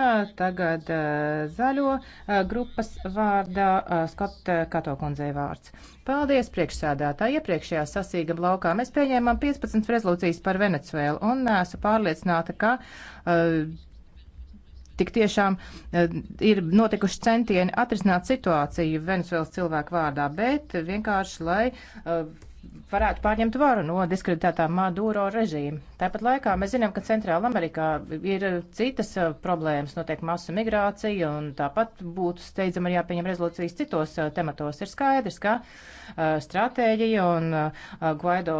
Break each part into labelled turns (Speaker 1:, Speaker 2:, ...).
Speaker 1: Un eh, tagad eh, zaļo eh, grupas vārdā Skot Katokundzei vārds. Paldies, priekšsēdētāji. Iepriekšējā sasīga laukā mēs pieņēmām 15 rezolūcijas par Venecuēlu un esmu pārliecināta, ka uh, tik tiešām uh, ir notikuši centieni atrisināt situāciju Venecuēlas cilvēku vārdā, bet vienkārši lai. Uh, varētu pārņemt varu no diskreditētā Maduro režīma. Tāpat laikā mēs zinām, ka Centrāla Amerikā ir citas uh, problēmas, notiek masu migrācija, un tāpat būtu steidzam arī jāpieņem rezolūcijas citos uh, tematos. Ir skaidrs, ka uh, stratēģija un uh, uh Guaido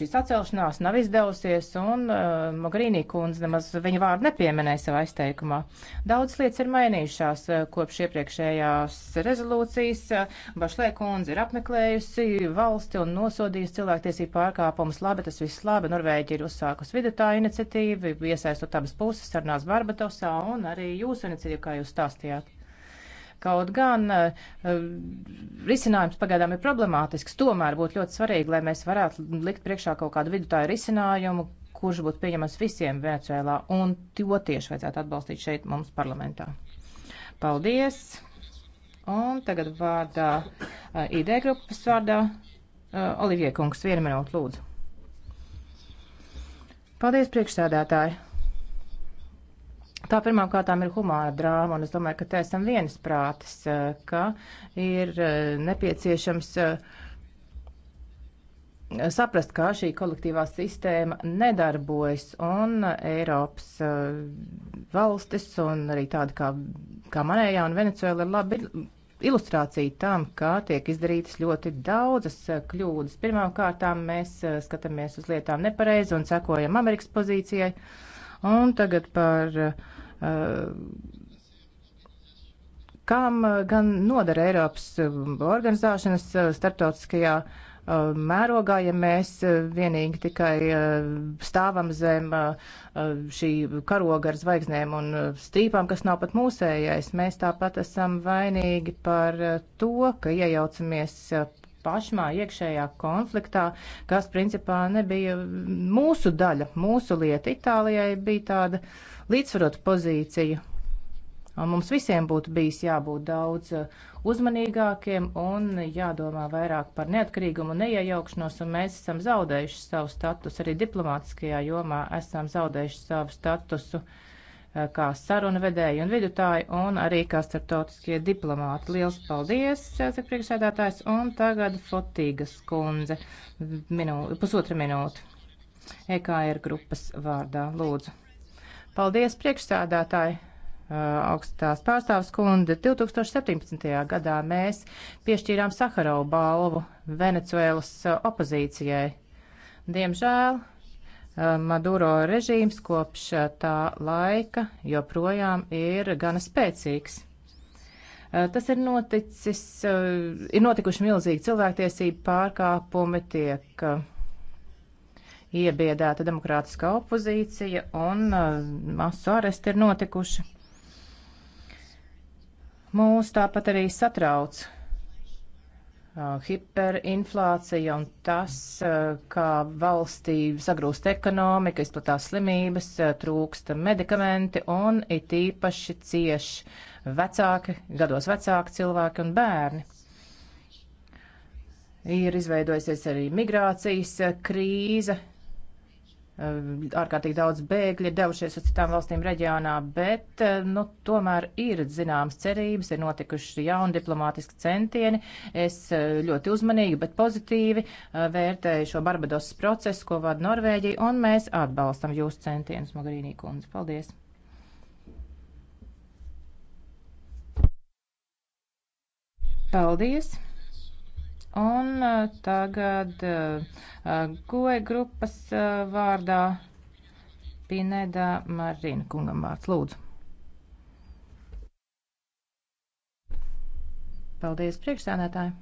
Speaker 1: šīs atcelšanās nav izdevusies, un uh, Mogrīnī kundze nemaz viņa vārdu nepieminēja savā izteikumā. Daudz lietas ir mainījušās kopš iepriekšējās rezolūcijas. Bašlē kundze ir apmeklējusi valsti un nosūtījusi nosodījis cilvēktiesību pārkāpumus. Labi, tas viss labi. Norvēģi ir uzsākusi vidutā iniciatīvu, iesaistot abas puses sarunās Barbatosā un arī jūsu iniciatīvu, kā jūs stāstījāt. Kaut gan uh, risinājums pagaidām ir problemātisks, tomēr būtu ļoti svarīgi, lai mēs varētu likt priekšā kaut kādu vidutāju risinājumu, kurš būtu pieņemams visiem Venecuēlā, un to tieši vajadzētu atbalstīt šeit mums parlamentā. Paldies! Un tagad vārdā uh, eh, ID grupas vārdā Uh, Olivie kungs, vienu minūtu lūdzu. Paldies, priekšsēdētāji! Tā pirmām kārtām ir humāra drāma, un es domāju, ka te esam viensprātis, uh, ka ir uh, nepieciešams saprast, kā šī kolektīvā sistēma nedarbojas, un Eiropas valstis un arī tāda kā, kā manējā un Venecuēla ir labi ilustrācija tam, kā tiek izdarītas ļoti daudzas eh, kļūdas. Pirmām kārtām mēs eh, skatāmies uz lietām nepareizi un sekojam Amerikas pozīcijai. Un tagad par eh, kam gan nodara Eiropas organizēšanas starptautiskajā uh, Uh, mērogā, ja mēs uh, vienīgi tikai uh, stāvam zem šī karoga ar zvaigznēm un strīpām, kas nav pat mūsējais. Mēs tāpat esam vainīgi par to, ka iejaucamies pašmā iekšējā konfliktā, kas principā nebija mūsu daļa, mūsu lieta. Itālijai bija tāda līdzsvarota pozīcija Un mums visiem būtu bijis jābūt daudz uh, uzmanīgākiem un jādomā vairāk par neatkarīgumu un neiejaukšanos, un mēs esam zaudējuši savu statusu, arī diplomātiskajā jomā esam zaudējuši savu statusu uh, kā saruna vedēji un vidutāji, un arī kā starptautiskie diplomāti. Liels paldies, saka priekšsēdētājs, un tagad Fotīgas kundze, minū, pusotra minūte, EKR er grupas vārdā, lūdzu. Paldies, priekšsēdētāji! Uh, augstās pārstāvs kunde, 2017. gadā mēs piešķīrām Saharovu balvu Venecuēlas uh, opozīcijai. Diemžēl uh, Maduro režīms kopš tā laika joprojām ir gana spēcīgs. Tas ir noticis, ir notikuši milzīgi cilvēktiesību pārkāpumi, tiek iebiedēta demokrātiskā opozīcija un masu aresti ir notikuši. Mūs tāpat arī satrauc uh, hiperinflācija un tas, uh, kā valstī sagrūst ekonomika, izplatās slimības, uh, trūksta medikamenti un it īpaši cieš vecāki, gados vecāki cilvēki un bērni. Ir izveidojusies arī migrācijas krīze, Ehm, ārkārtīgi daudz bēgļi ir devušies uz citām valstīm reģionā, bet eh, nu, tomēr ir zināmas cerības, ir notikuši jauni diplomātiski centieni. Es eh, ļoti uzmanīgi, bet pozitīvi eh, vērtēju šo Barbadosas procesu, ko vada Norvēģija, un mēs atbalstam jūsu centienus, Mogarīnī kundze. Paldies! Paldies! Un eh, tagad eh, eh, goja grupas vārdā Pineda Marina kungam vārds lūdzu. Paldies, priekšsēdētāji!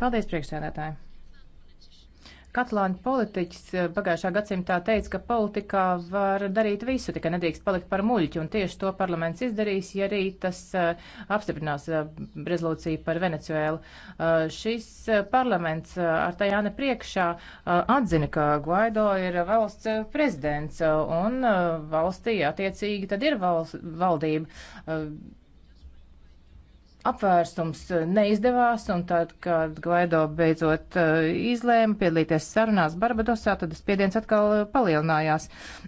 Speaker 1: Paldies, priekšsēdētāji! Katalāņu politiķis eh, pagājušā gadsimtā teica, ka politikā var darīt visu, tikai nedrīkst palikt par muļķi, un tieši to parlaments izdarīs, ja arī tas eh, apstiprinās eh, rezolūciju par Venecuēlu. Šis parlaments ar Tajāna priekšā atzina, ka Guaido ir valsts prezidents, un valstī attiecīgi tad ir valsts, valdība apvērsums neizdevās, un tad, kad Gvaido beidzot eh, izlēma piedalīties sarunās Barbadosā, tad spiediens atkal eh, palielinājās.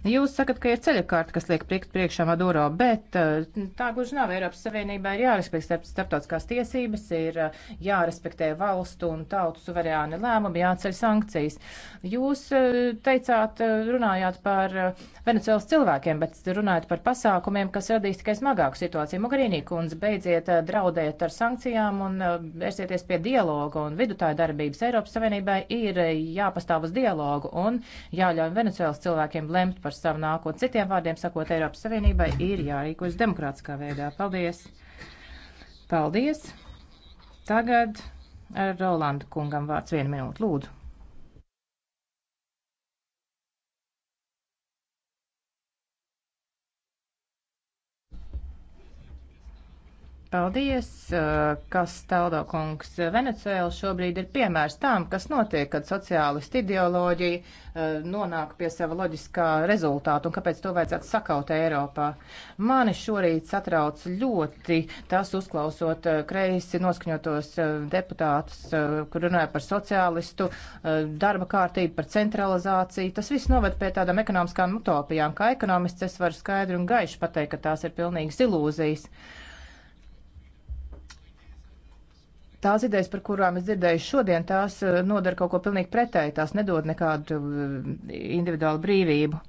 Speaker 1: Jūs sakat, ka ir ceļakārta, kas liek priekšā Maduro, bet eh, tā gluži nav. Eiropas Savienībā ir jārespektē starptautiskās tiesības, ir jārespektē valstu un tautu suverēni lēmumi, jāceļ sankcijas. Jūs teicāt, runājāt par Venecijas cilvēkiem, bet runājāt par pasākumiem, kas radīs tikai smagāku situāciju. Mogarīnī kundze, beidziet draudēt strādājiet ar sankcijām un uh, vērsieties pie dialoga un vidutāju darbības. Eiropas Savienībai ir uh, jāpastāv uz dialogu un jāļauj Venecuēlas cilvēkiem lemt par savu nākotni. Citiem vārdiem sakot, Eiropas Savienībai ir jārīkojas demokrātiskā veidā. Paldies! Paldies! Tagad Rolanda kungam vārds vienu minūtu lūdzu. Paldies, eh, kas taldo kungs. Eh, Venecuēla šobrīd ir piemērs tām, kas notiek, kad sociālisti ideoloģija eh, nonāk pie sava loģiskā rezultāta un kāpēc to vajadzētu sakaut Eiropā. Mani šorīt satrauc ļoti tas uzklausot kreisi noskaņotos deputātus, kur runāja par sociālistu darba kārtību, par centralizāciju. Tas viss noved pie tādām ekonomiskām utopijām. Kā ekonomists es varu skaidri un gaiši pateikt, ka tās ir pilnīgas ilūzijas. Tās idejas, par kurām es dzirdēju šodien, tās eh, nodara kaut ko pilnīgi pretēji, tās nedod nekādu eh, individuālu brīvību.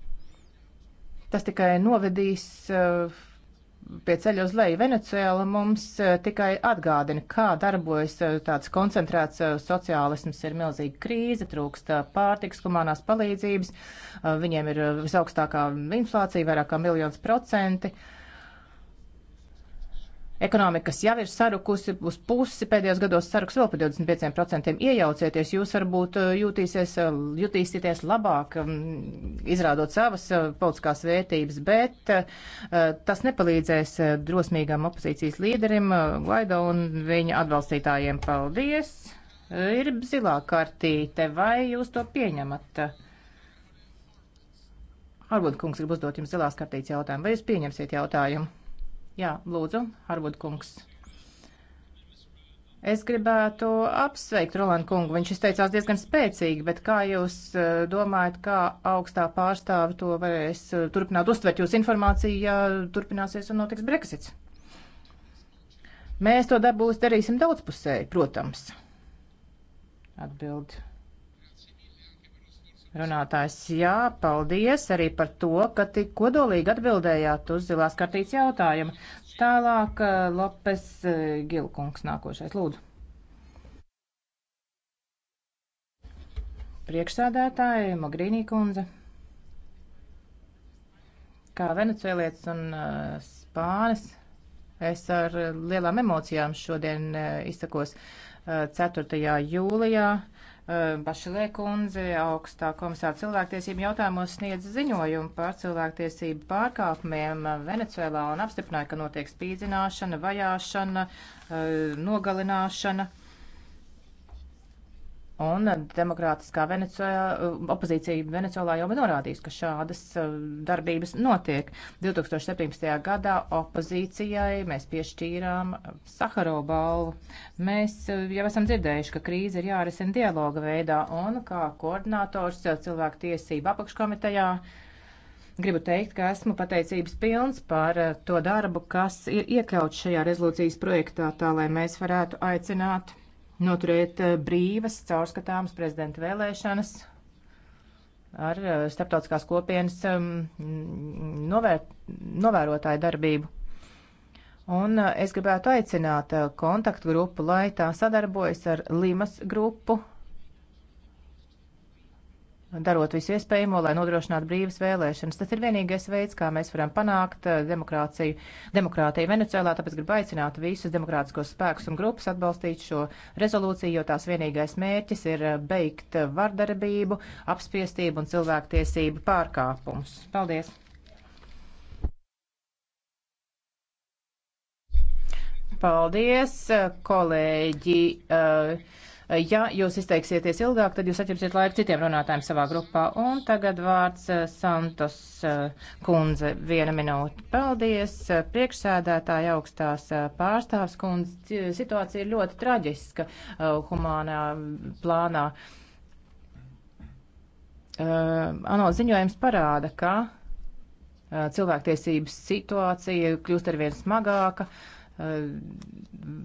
Speaker 1: Tas tikai novedīs eh, pie ceļa uz leju. Venecijāla mums tikai atgādina, kā darbojas tāds koncentrēts sociālisms, ir milzīga krīze, trūkst pārtiks, humanās palīdzības, viņiem ir visaugstākā inflācija, vairāk kā miljons procenti. Uh, Ekonomika, kas jau ir sarukusi uz pusi, pēdējos gados saruks vēl par 25%. Iejaucieties, jūs varbūt eh, jūtīsies, eh, jutīsieties labāk, mm, izrādot savas eh, politiskās vērtības, bet tas nepalīdzēs drosmīgam opozīcijas līderim Guaido un viņa atbalstītājiem. Paldies! Ir zilā kartīte, vai jūs to pieņemat? Arbūt kungs grib uzdot jums zilās kartītes jautājumu, vai jūs pieņemsiet jautājumu? Jā, lūdzu, Harvud kungs. Es gribētu apsveikt Rolandu kungu. Viņš izteicās diezgan spēcīgi, bet kā jūs eh, domājat, kā augstā pārstāve to varēs eh, turpināt uztvert jūsu informāciju, ja turpināsies un notiks Brexits? Mēs to darbūs darīsim daudzpusēji, protams. Atbildi Runātājs, jā, paldies arī par to, ka tik kodolīgi atbildējāt uz zilās kartītes jautājumu. Tālāk eh, Lopes eh, Gilkungs nākošais, lūdzu. Priekšsādātāji, Mogrīnī kundze. Kā venecuēlietis un eh, spānis, es ar lielām emocijām šodien izsakos 4. jūlijā Bašilē kundze, augstā komisāra cilvēktiesību jautājumos sniedz ziņojumu par cilvēktiesību pārkāpumiem Venecuēlā un apstiprināja, ka notiek spīdzināšana, vajāšana, eh, nogalināšana Un demokrātiskā Venecijā, opozīcija Venecijā jau ir norādījusi, ka šādas uh, darbības notiek. 2017. gadā opozīcijai mēs piešķīrām Saharo balvu. Mēs uh, jau esam dzirdējuši, ka krīze ir jārisina dialoga veidā, un kā koordinators uh, cilvēku tiesību apakškomitejā gribu teikt, ka esmu pateicības pilns par to darbu, kas ir iekļauts šajā rezolūcijas projektā, tā lai mēs varētu aicināt noturēt eh, brīvas, caurskatāmas prezidenta vēlēšanas ar eh, starptautiskās kopienas um, novēr, novērotāju darbību. Un eh, es gribētu aicināt kontaktgrupu, lai tā sadarbojas ar Limas grupu darot visu iespējamo, lai nodrošinātu brīvas vēlēšanas. Tas ir vienīgais veids, kā mēs varam panākt eh, demokrātiju, demokrātiju Venecijā, tāpēc gribu aicināt visus demokrātiskos spēkus un grupas atbalstīt šo rezolūciju, jo tās vienīgais mērķis ir eh, beigt eh, vardarbību, apspiestību un cilvēktiesību pārkāpumus. Paldies! Paldies, kolēģi! Uh, Ja jūs izteiksieties ilgāk, tad jūs atņemsiet laiku citiem runātājiem savā grupā. Un tagad vārds eh, Santos eh, kundze. Viena minūte. Paldies. Eh, Priekšsēdētāja augstās pārstāvs kundze. Situācija ir ļoti traģiska humānā plānā. ANO ziņojums parāda, ka cilvēktiesības situācija kļūst arvien smagāka. Uh, Eh,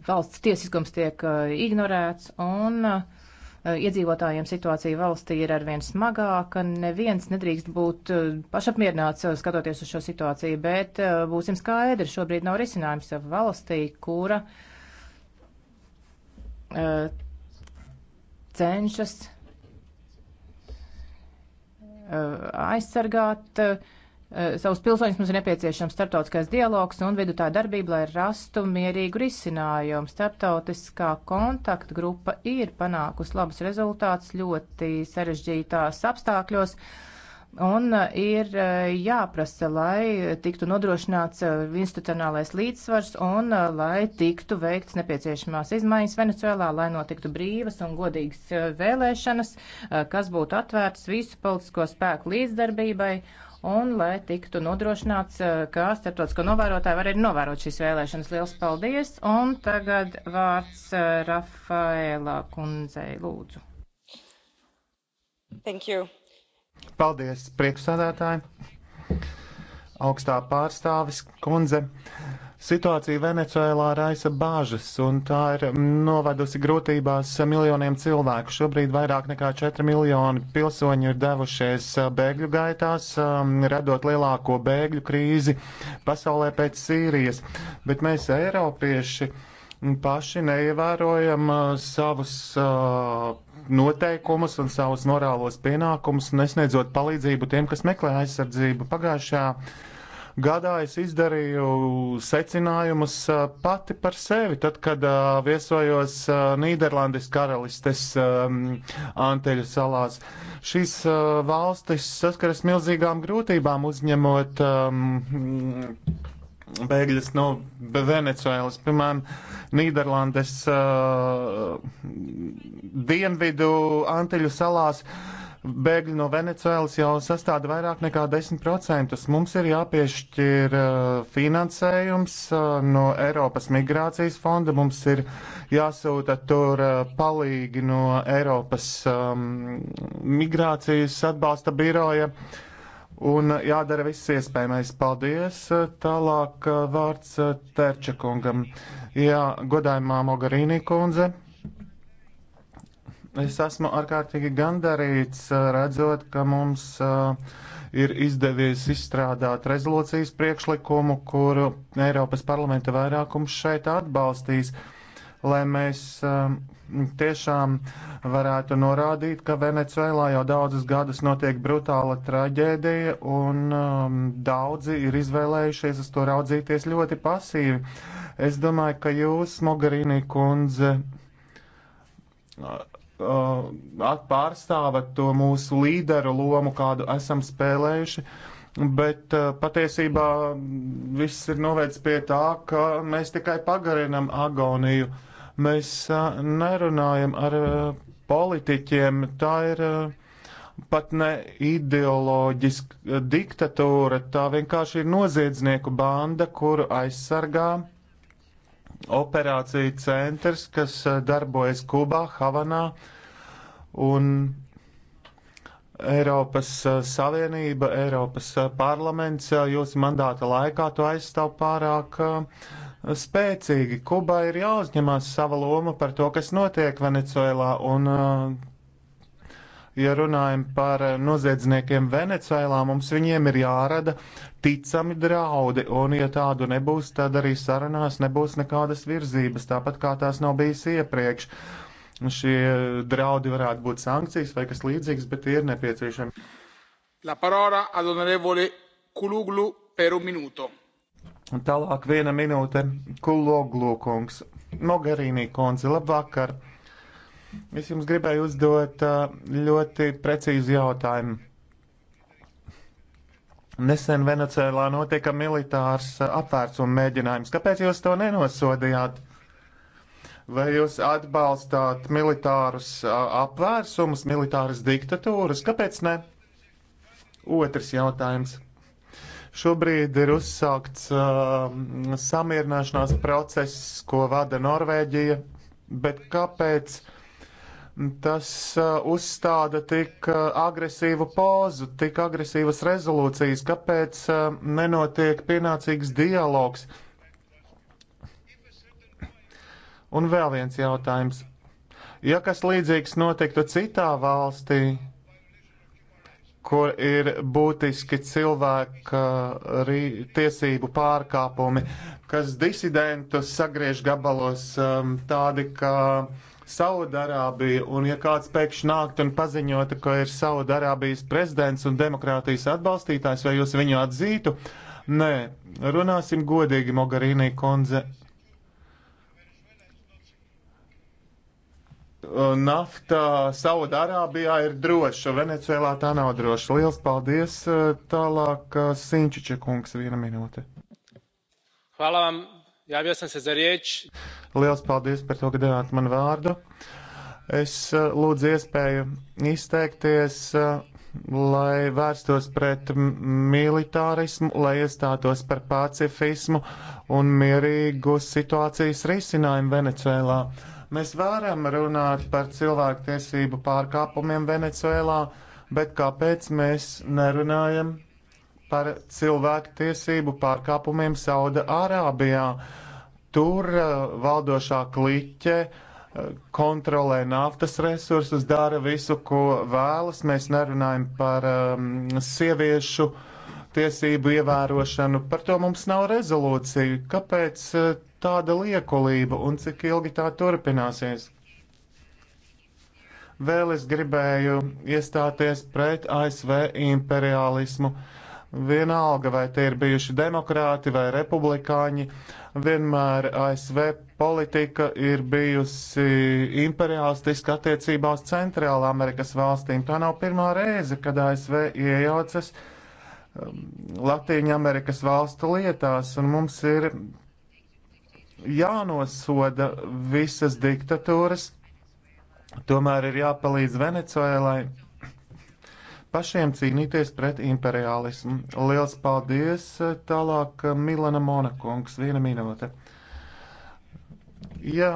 Speaker 1: valsts tiesiskums tiek eh, ignorēts un eh, iedzīvotājiem situācija valstī ir arvien smagāka. Neviens nedrīkst būt pašapmierināts skatoties uz šo situāciju, bet būsim skaidri, šobrīd nav risinājums valstī, kura cenšas aizsargāt uh, Eh, savus pilsoņus mums ir nepieciešams starptautiskais dialogs un vidutāja darbība, lai rastu mierīgu risinājumu. Starptautiskā kontakta grupa ir panākusi labus rezultātus ļoti sarežģītās apstākļos. Un eh, ir eh, jāprasa, lai tiktu nodrošināts institucionālais līdzsvars un lai tiktu veikts nepieciešamās izmaiņas Venecuēlā, lai notiktu brīvas un godīgas vēlēšanas, kas būtu atvērtas visu politisko spēku līdzdarbībai un lai tiktu nodrošināts, eh, ka starptautisko novērotāju var arī novērot šīs vēlēšanas. Liels paldies! Un tagad vārds eh, Rafaela kundzei lūdzu. Thank you.
Speaker 2: Paldies, priekšsādātāji! Augstā pārstāvis kundze. Situācija Venecuēlā raisa bāžas, un tā ir novedusi grūtībās miljoniem cilvēku. Šobrīd vairāk nekā 4 miljoni pilsoņi ir devušies bēgļu gaitās, um, radot lielāko bēgļu krīzi pasaulē pēc Sīrijas. Bet mēs, Eiropieši, paši neievērojam uh, savus uh, noteikumus un savus morālos pienākumus, nesniedzot palīdzību tiem, kas meklē aizsardzību pagājušajā gadā es izdarīju secinājumus pati par sevi, tad, kad viesojos Nīderlandes karalistes Anteļu salās. Šīs valstis saskaras milzīgām grūtībām uzņemot bēgļus no Venecuēlas, piemēram, Nīderlandes uh, dienvidu Antiļu salās. Uh, Bēgļi no Venecēlas jau sastāda vairāk nekā 10%. Mums ir jāpiešķir uh, finansējums uh, no Eiropas migrācijas fonda, mums ir jāsūta tur uh, palīgi no Eiropas um, migrācijas atbalsta biroja. Un jādara viss iespējamais. Paldies. Tālāk vārds Terčakungam. Jā, godājumā Mogarīnī kundze. Es esmu ārkārtīgi gandarīts, redzot, ka mums ir izdevies izstrādāt rezolūcijas priekšlikumu, kuru Eiropas parlamenta vairākums šeit atbalstīs, lai mēs tiešām varētu norādīt, ka Venecuēlā jau daudzus gadus notiek brutāla traģēdija, un um, daudzi ir izvēlējušies uz to raudzīties ļoti pasīvi. Es domāju, ka jūs, Mogarīnī kundze, uh, pārstāvat to mūsu līderu lomu, kādu esam spēlējuši. Bet uh, patiesībā viss ir novērts pie tā, ka mēs tikai pagarinam agoniju. Mēs uh, nerunājam ar uh, politiķiem. Tā ir uh, pat ne ideoloģiska diktatūra, tā vienkārši ir noziedznieku banda, kuru aizsargā uh, operāciju centrs, kas darbojas Kubā, Havanā, un Eiropas Savienība, Eiropas parlaments jūsu mandāta laikā to aizstāv pārāk spēcīgi. Kubā ir jāuzņemās sava loma par to, kas notiek Venecuēlā, un Ja runājam par eh, noziedzniekiem Venecijā, mums viņiem ir jārada ticami draudi, un ja tādu nebūs, tad arī sarunās nebūs nekādas virzības, tāpat kā tās nav bijis iepriekš. Šie draudi varētu būt sankcijas vai kas līdzīgs, bet tie ir nepieciešami. La parola ad onorevole Kuluglu per un minuto. Un tālāk viena minūte Kuloglu kungs. Mogherīnī konzi, labvakar! Es jums gribēju uzdot ļoti precīzu jautājumu. Nesen Venecijā notika militārs apvērsuma mēģinājums. Kāpēc jūs to nenosodījāt? Vai jūs atbalstāt militārus apvērsumus, militāras diktatūras? Kāpēc ne? Otrs jautājums. Šobrīd ir uzsākts uh, samierināšanās process, ko vada Norvēģija, bet kāpēc uh, Tas uh, uzstāda tik uh, agresīvu pozu, tik agresīvas rezolūcijas, kāpēc uh, nenotiek pienācīgs dialogs. Un vēl viens jautājums. Ja kas līdzīgs notiktu citā valstī, kur ir būtiski cilvēka arī tiesību pārkāpumi, kas disidentus sagriež gabalos um, tādi, ka uh, Saudarābija, un ja kāds pēkšņi nākt un paziņotu, ka ir Saudarābijas prezidents un demokrātijas atbalstītājs, vai jūs viņu atzītu? Nē, runāsim godīgi, Mogarīnī kundze. Nafta Saudārābijā ir droša, Venecuēlā tā nav droša. Liels paldies! Tālāk Sinčiča kungs, viena minūte. Hvala vam, Javio sam se za riječ. Liels paldies par to, ka devāt man vārdu. Es eh, lūdzu iespēju izteikties, eh, lai vērstos pret militārismu, lai iestātos par pacifismu un mierīgu situācijas risinājumu Venecuēlā. Mēs varam runāt par cilvēktiesību pārkāpumiem Venecuēlā, bet kāpēc mēs nerunājam par cilvēku tiesību pārkāpumiem Sauda Arābijā. Tur uh, valdošā kliķe uh, kontrolē naftas resursus, dara visu, ko vēlas. Mēs nerunājam par um, sieviešu tiesību ievērošanu. Par to mums nav rezolūciju. Kāpēc uh, tāda liekulība un cik ilgi tā turpināsies? Vēl es gribēju iestāties pret ASV imperialismu. Uh, Vienalga, vai tie ir bijuši demokrāti vai republikāņi, vienmēr ASV politika ir bijusi imperialistiska attiecībā uz Centrālā Amerikas valstīm. Tā nav pirmā reize, kad ASV iejaucas um, Latīņa Amerikas valstu lietās, un mums ir jānosoda visas diktatūras. Tomēr ir jāpalīdz Venecuēlai pašiem cīnīties pret imperialismu. Liels paldies! Eh, tālāk eh, Milana Monakungs, viena minūte. Jā,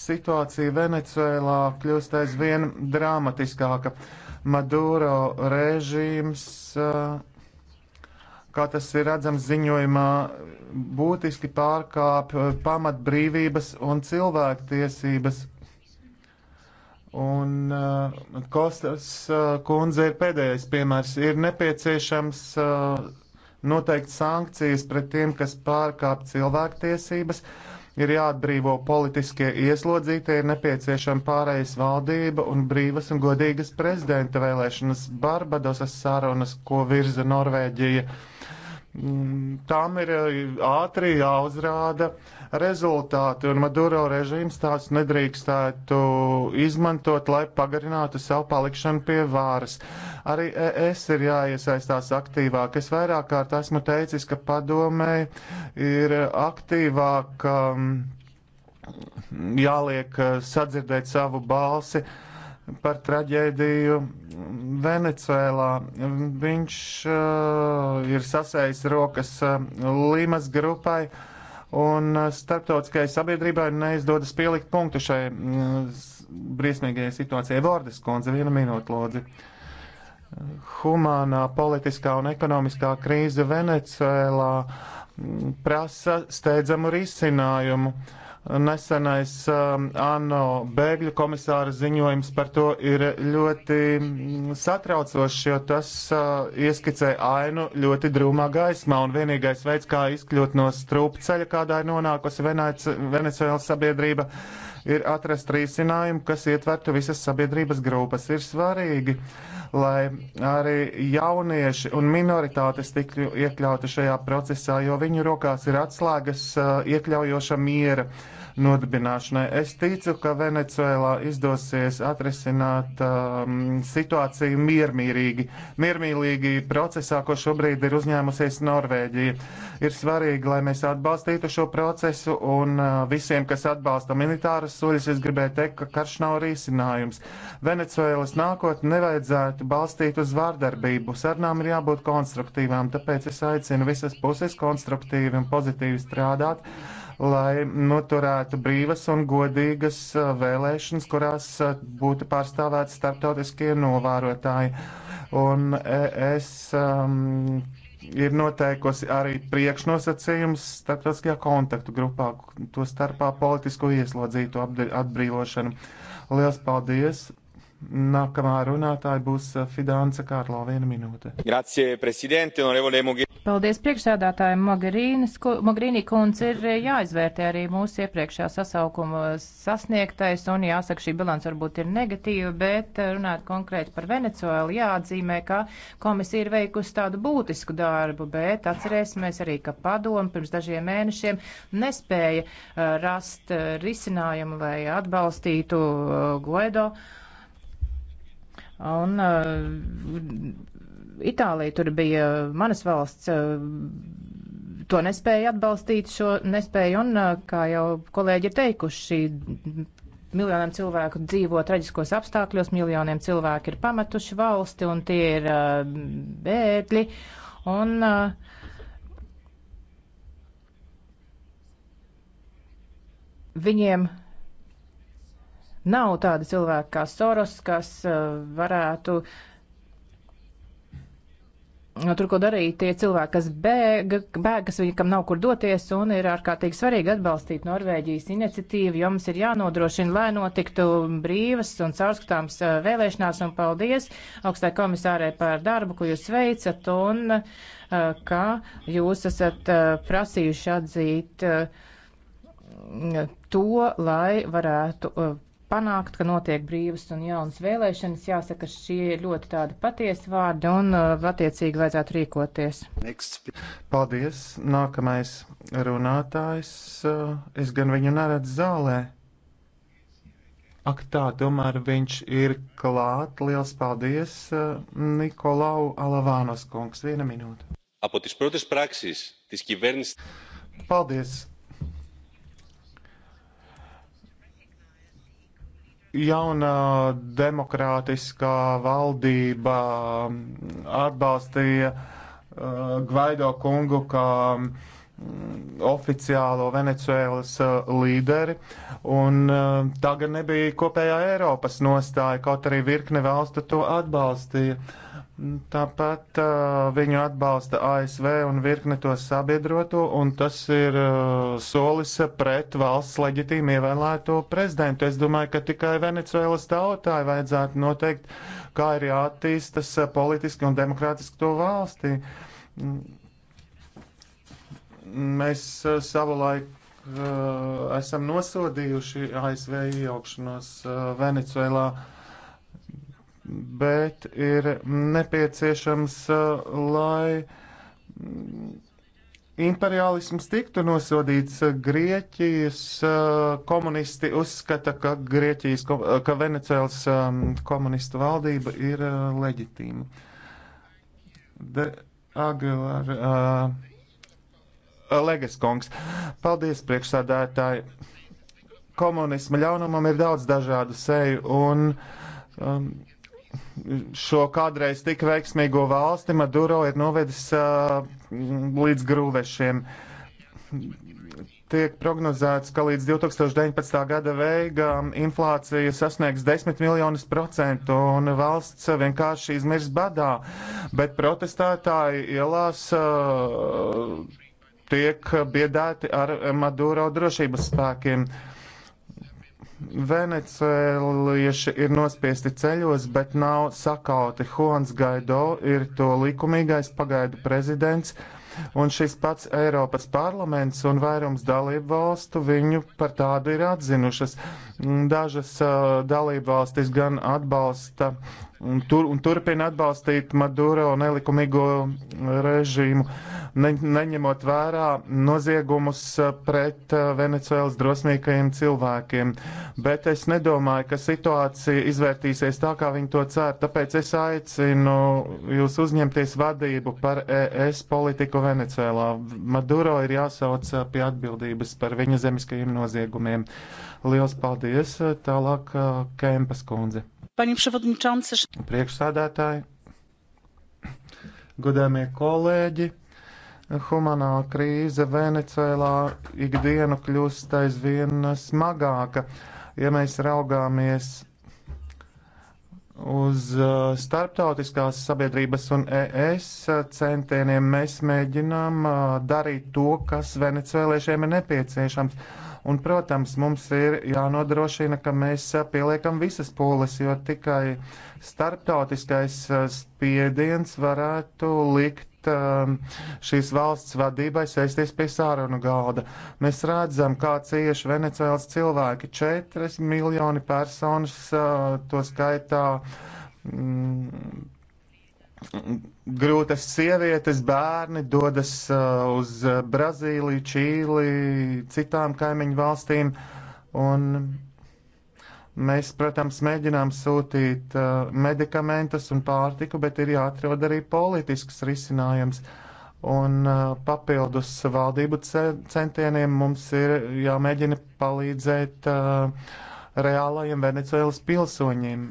Speaker 2: situācija Venecuēlā kļūst aizvien dramatiskāka. Maduro režīms, eh, kā tas ir redzams ziņojumā, būtiski pārkāp pamatbrīvības un cilvēktiesības Un uh, Kostas uh, kundze ir pēdējais piemērs. Ir nepieciešams uh, noteikt sankcijas pret tiem, kas pārkāp cilvēktiesības. Ir jāatbrīvo politiskie ieslodzītie, ir nepieciešama pārējais valdība un brīvas un godīgas prezidenta vēlēšanas Barbadosas sarunas, ko virza Norvēģija. Uh, Tām ir e, ātri jāuzrāda rezultāti, un Maduro režīms tās nedrīkstētu izmantot, lai pagarinātu savu palikšanu pie vāras. Arī es ir jāiesaistās aktīvāk. Es vairāk kārt esmu teicis, ka padomē ir aktīvāk um, jāliek e, sadzirdēt savu balsi. Uh, par traģēdiju Venecuēlā. Viņš uh, ir sasējis rokas uh, Limas grupai un uh, starptautiskajai sabiedrībai neizdodas pielikt punktu šai uh, briesmīgajai situācijai. Vordes kundze, viena minūte lūdzu. Humānā, politiskā un ekonomiskā krīze Venecuēlā mm, prasa steidzamu risinājumu. Uh, Nesenais um, ANO bēgļu komisāra ziņojums par to ir ļoti mm, satraucošs, jo tas uh, ieskicē ainu ļoti drūmā gaismā, un vienīgais veids, kā izkļūt no strūpceļa, kādā ir nonākusi Venecuēlas sabiedrība, uh, ir atrast risinājumu, kas ietvertu visas sabiedrības grupas. Ir svarīgi, lai arī jaunieši un minoritātes tiktu iekļauti šajā procesā, jo viņu rokās ir atslēgas uh, iekļaujoša miera nodibināšanai. Es ticu, ka Venecuēlā izdosies atrisināt um, situāciju miermīrīgi, miermīlīgi procesā, ko šobrīd ir uzņēmusies Norvēģija. Ir svarīgi, lai mēs atbalstītu šo procesu un uh, visiem, kas atbalsta militāras soļus, es gribēju teikt, ka karš nav risinājums. Venecuēlas nākotni nevajadzētu balstīt uz vārdarbību. Sarunām ir jābūt konstruktīvām, tāpēc es aicinu visas puses konstruktīvi un pozitīvi strādāt lai noturētu brīvas un godīgas vēlēšanas, kurās būtu pārstāvēti starptautiskie novērotāji. Un es um, ir noteikusi arī priekšnosacījums starptautiskajā kontaktu grupā, to starpā politisko ieslodzīto atbrīvošanu. Lielas paldies! Nākamā runātāja būs Fidanca Kārlo, viena minūte. Grazie, prezidente, onorevole Mugir.
Speaker 1: Paldies priekšsēdātājiem Mogherīnī kundze ir eh, jāizvērtē arī mūsu iepriekšējā sasaukuma sasniegtais un jāsaka šī bilants varbūt ir negatīva, bet eh, runāt konkrēti par Venecuēlu jāatzīmē, ka komisija ir veikusi tādu būtisku darbu, bet atcerēsimies arī, ka padomu pirms dažiem mēnešiem nespēja eh, rast risinājumu, lai atbalstītu Guaido. Un uh, Itālija, tur bija manas valsts, eh, to nespēja atbalstīt šo nespēju, un, eh, kā jau kolēģi ir teikuši, miljoniem cilvēku dzīvo traģiskos apstākļos, miljoniem cilvēku ir pametuši valsti, un tie ir eh, bēgļi, un viņiem nav tādi cilvēki kā Soros, kas varētu uh, Nu, tur, ko darīt tie cilvēki, kas bēg, bēg kas viņam nav kur doties, un ir ārkārtīgi svarīgi atbalstīt Norvēģijas iniciatīvu, jo mums ir jānodrošina, lai notiktu brīvas un caurskatāms vēlēšanās, un paldies augstai komisārai par darbu, ko jūs veicat, un ka jūs esat prasījuši atzīt to, lai varētu panākt, ka notiek brīvas un jaunas vēlēšanas. Jāsaka, šie ir ļoti tādi patiesi vārdi un uh, attiecīgi vajadzētu rīkoties.
Speaker 2: Paldies. Nākamais runātājs. Uh, es gan viņu neredzu zālē. Ak tā, tomēr viņš ir klāt. Liels paldies, uh, Nikolau Alavānos kungs. Viena minūte. Paldies. jaunā demokrātiskā valdība atbalstīja uh, Gvaido kungu kā uh, Mm, oficiālo Venecuēlas eh, līderi, un eh, tā gan nebija kopējā Eiropas nostāja, kaut arī virkne valstu to atbalstīja. Mm, tāpat uh, viņu atbalsta ASV un virkne to sabiedroto, un tas ir uh, solis pret valsts leģitīmi ievēlēto prezidentu. Es domāju, ka tikai Venecuēlas tautāji vajadzētu noteikt, kā ir jāattīstas politiski un demokrātiski to valstī. Mm Mēs eh, savulaik eh, esam nosodījuši ASV iejaukšanos eh, Venecuēlā, bet ir nepieciešams, lai imperiālisms tiktu nosodīts. Grieķijas komunisti uzskata, ka, Grieķijas, ka Venecēlas ehm, komunistu valdība ir leģitīma. De Aguilar, uh, Eh, Legas kungs. Paldies, priekšsādātāji. Komunisma ļaunumam ir daudz dažādu seju un. Um, šo kādreiz tik veiksmīgo valsti Maduro ir novedis uh, līdz grūvešiem. Tiek prognozēts, ka līdz 2019. gada beigām inflācija sasniegs 10 miljonus procentu un valsts vienkārši izmirs badā, bet protestētāji ielās uh, tiek biedēti ar Maduro drošības spēkiem. Venecēlieši ir nospiesti ceļos, bet nav sakauti. Hons Gaido ir to likumīgais pagaidu prezidents, un šis pats Eiropas parlaments un vairums dalību valstu viņu par tādu ir atzinušas. Dažas uh, dalību valstis gan atbalsta un, tur, un turpina atbalstīt Maduro nelikumīgo režīmu, ne, neņemot vērā noziegumus pret eh, Venecuēlas drosmīgajiem cilvēkiem. Bet es nedomāju, ka situācija izvērtīsies tā, kā viņi to cer. Tāpēc es aicinu jūs uzņemties vadību par ES politiku Venecuēlā. Maduro ir jāsauc pie atbildības par viņa zemiskajiem noziegumiem. Liels paldies! Tālāk eh, Kempas kundze. Priekšsādātāji, godāmie kolēģi, humanā krīze Venecijā ikdienu kļūst aizvien smagāka. Ja mēs raugāmies uz uh, starptautiskās sabiedrības un ES centieniem, mēs mēģinām uh, darīt to, kas venecijāliešiem ir nepieciešams Un, protams, mums ir jānodrošina, ka mēs pieliekam visas pūles, jo tikai starptautiskais uh, spiediens varētu likt um, šīs valsts vadībai sēsties pie sārunu galda. Mēs redzam, kā cieši Venecijas cilvēki - 4 miljoni personas, uh, to skaitā. Mm, grūtas sievietes, bērni dodas uh, uz Brazīliju, Čīli, citām kaimiņu valstīm. Un mēs, protams, mēģinām sūtīt uh, medikamentus un pārtiku, bet ir jāatrod arī politisks risinājums. Un uh, papildus valdību centieniem mums ir jāmēģina palīdzēt reālajiem Venecuēlas pilsoņiem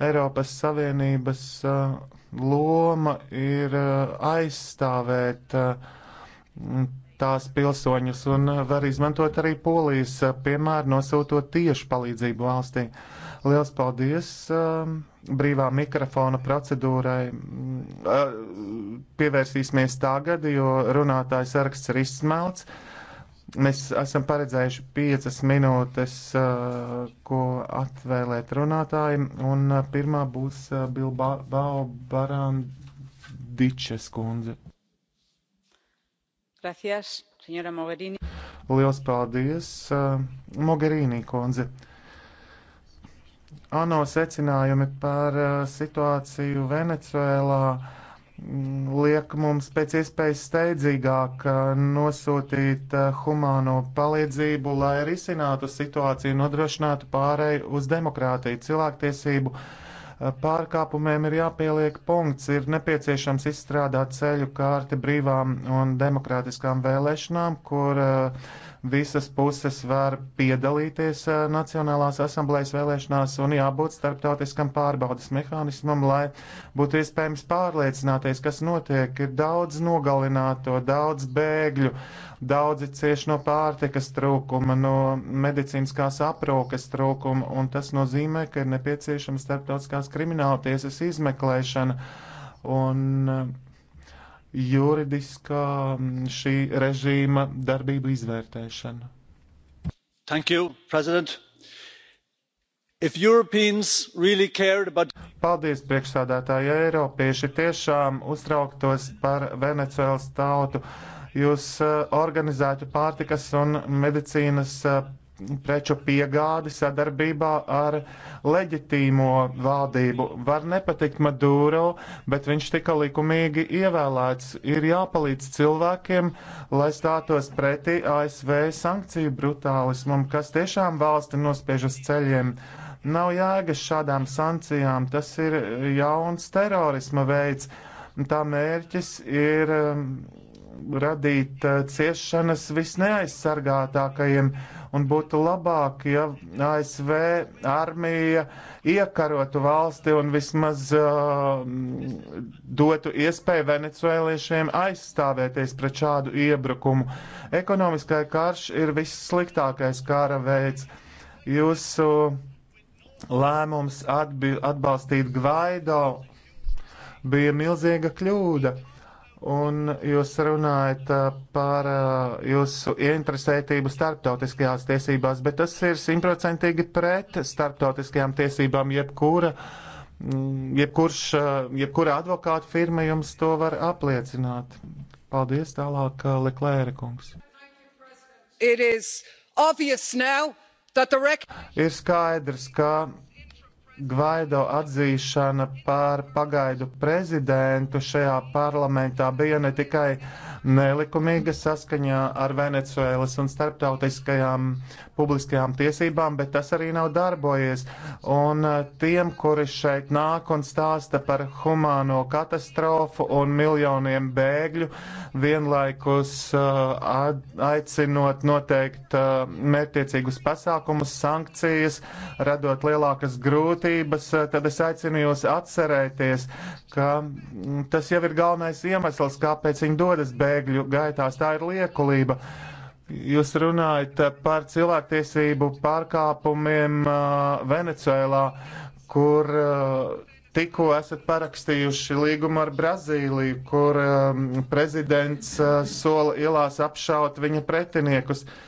Speaker 2: Eiropas Savienības uh, loma ir uh, aizstāvēt uh, tās pilsoņus un var izmantot arī polijas piemēru nosūtot tieši palīdzību valstī. Liels paldies um, brīvā mikrofona procedūrai. Mm, pievērsīsimies tagad, jo runātājs saraksts ir izsmelts. Mēs esam paredzējuši piecas minūtes, ko atvēlēt runātājiem, un pirmā būs Bilbao Barandičes kundze.
Speaker 1: Gracias, senora Mogherini.
Speaker 2: Liels paldies, Mogherini kundze. ANO secinājumi par situāciju Venecuēlā liek mums pēc iespējas steidzīgāk eh, nosūtīt eh, humāno palīdzību, lai risinātu situāciju, nodrošinātu pārēju uz demokrātiju, cilvēktiesību. Eh, pārkāpumiem ir jāpieliek punkts, ir nepieciešams izstrādāt ceļu kārti brīvām un demokrātiskām vēlēšanām, kur uh, visas puses var piedalīties eh, Nacionālās asamblējas vēlēšanās un jābūt starptautiskam pārbaudas mehānismam, lai būtu iespējams pārliecināties, kas notiek. Ir daudz nogalināto, daudz bēgļu, daudzi cieši no pārtikas trūkuma, no medicīniskās aprūkas trūkuma, un tas nozīmē, ka ir nepieciešama starptautiskās krimināltiesas izmeklēšana. Un, uh, juridiskā mm, šī režīma darbību izvērtēšana.
Speaker 3: Thank you, President.
Speaker 2: If Europeans really cared about... Paldies, priekšsādātāji Eiropieši, tiešām uztrauktos par Venecuēlas tautu. Jūs eh, organizētu pārtikas un medicīnas eh, preču piegādi sadarbībā ar leģitīmo valdību. Var nepatikt Maduro, bet viņš tika likumīgi ievēlēts. Ir jāpalīdz cilvēkiem, lai stātos pretī ASV sankciju brutālismam, kas tiešām valsti nospiež uz ceļiem. Nav jēgas šādām sankcijām, tas ir jauns terorisma veids. Tā mērķis ir um, radīt uh, ciešanas visneaizsargātākajiem. Uh, Un būtu labāk, ja ASV armija iekarotu valsti un vismaz uh, dotu iespēju venecuēliešiem aizstāvēties pret šādu iebrukumu. Ekonomiskai karš ir vissliktākais kara veids. Jūsu lēmums atbi, atbalstīt Gvaido bija milzīga kļūda. Un jūs runājat uh, par uh, jūsu ieinteresētību starptautiskajās tiesībās, bet tas ir simtprocentīgi pret starptautiskajām tiesībām. Jebkura, mm, jebkurš, uh, jebkura advokāta firma jums to var apliecināt. Paldies tālāk, Leklēra kungs. Now, the... Ir skaidrs, ka Gvaido atzīšana par pagaidu prezidentu šajā parlamentā bija ne tikai nelikumīga saskaņā ar Venecuēlas un starptautiskajām publiskajām tiesībām, bet tas arī nav darbojies. Un eh, tiem, kuri šeit nāk un stāsta par humāno katastrofu un miljoniem bēgļu, vienlaikus uh, aicinot noteikt uh, mērķtiecīgus pasākumus, sankcijas, radot lielākas grūtības, kustības, eh, tad es aicinu jūs atcerēties, ka mm, tas jau ir galvenais iemesls, kāpēc viņi dodas bēgļu gaitās. Tā ir liekulība. Jūs runājat eh, par cilvēktiesību pārkāpumiem eh, Venecuēlā, kur tikko esat parakstījuši līgumu ar Brazīliju, kur prezidents sola ielās apšaut viņa pretiniekus. Uh,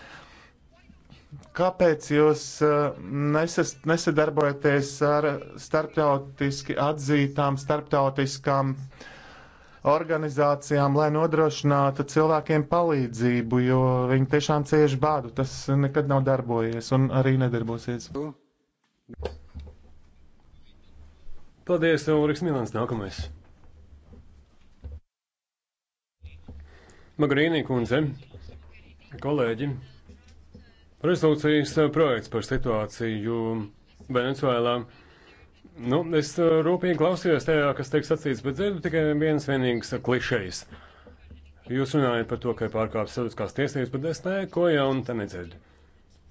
Speaker 2: Kāpēc jūs eh, nesas, nesadarbojaties ar starptautiski atzītām starptautiskām organizācijām, lai nodrošinātu cilvēkiem palīdzību, jo viņi tiešām cieši bādu. Tas nekad nav darbojies un arī nedarbosies.
Speaker 3: Paldies, Ulriks Milans, nākamais. Magrīnī kundze, kolēģi, Rezolūcijas eh, projekts par situāciju Venecuēlā. Nu, es eh, rūpīgi klausījos tajā, kas tiek sacīts, bet dzirdu tikai viens vienīgs eh, klišejas. Jūs runājat par to, ka ir pārkāpts sabiedriskās tiesības, bet es neko jaunu te nedzirdu.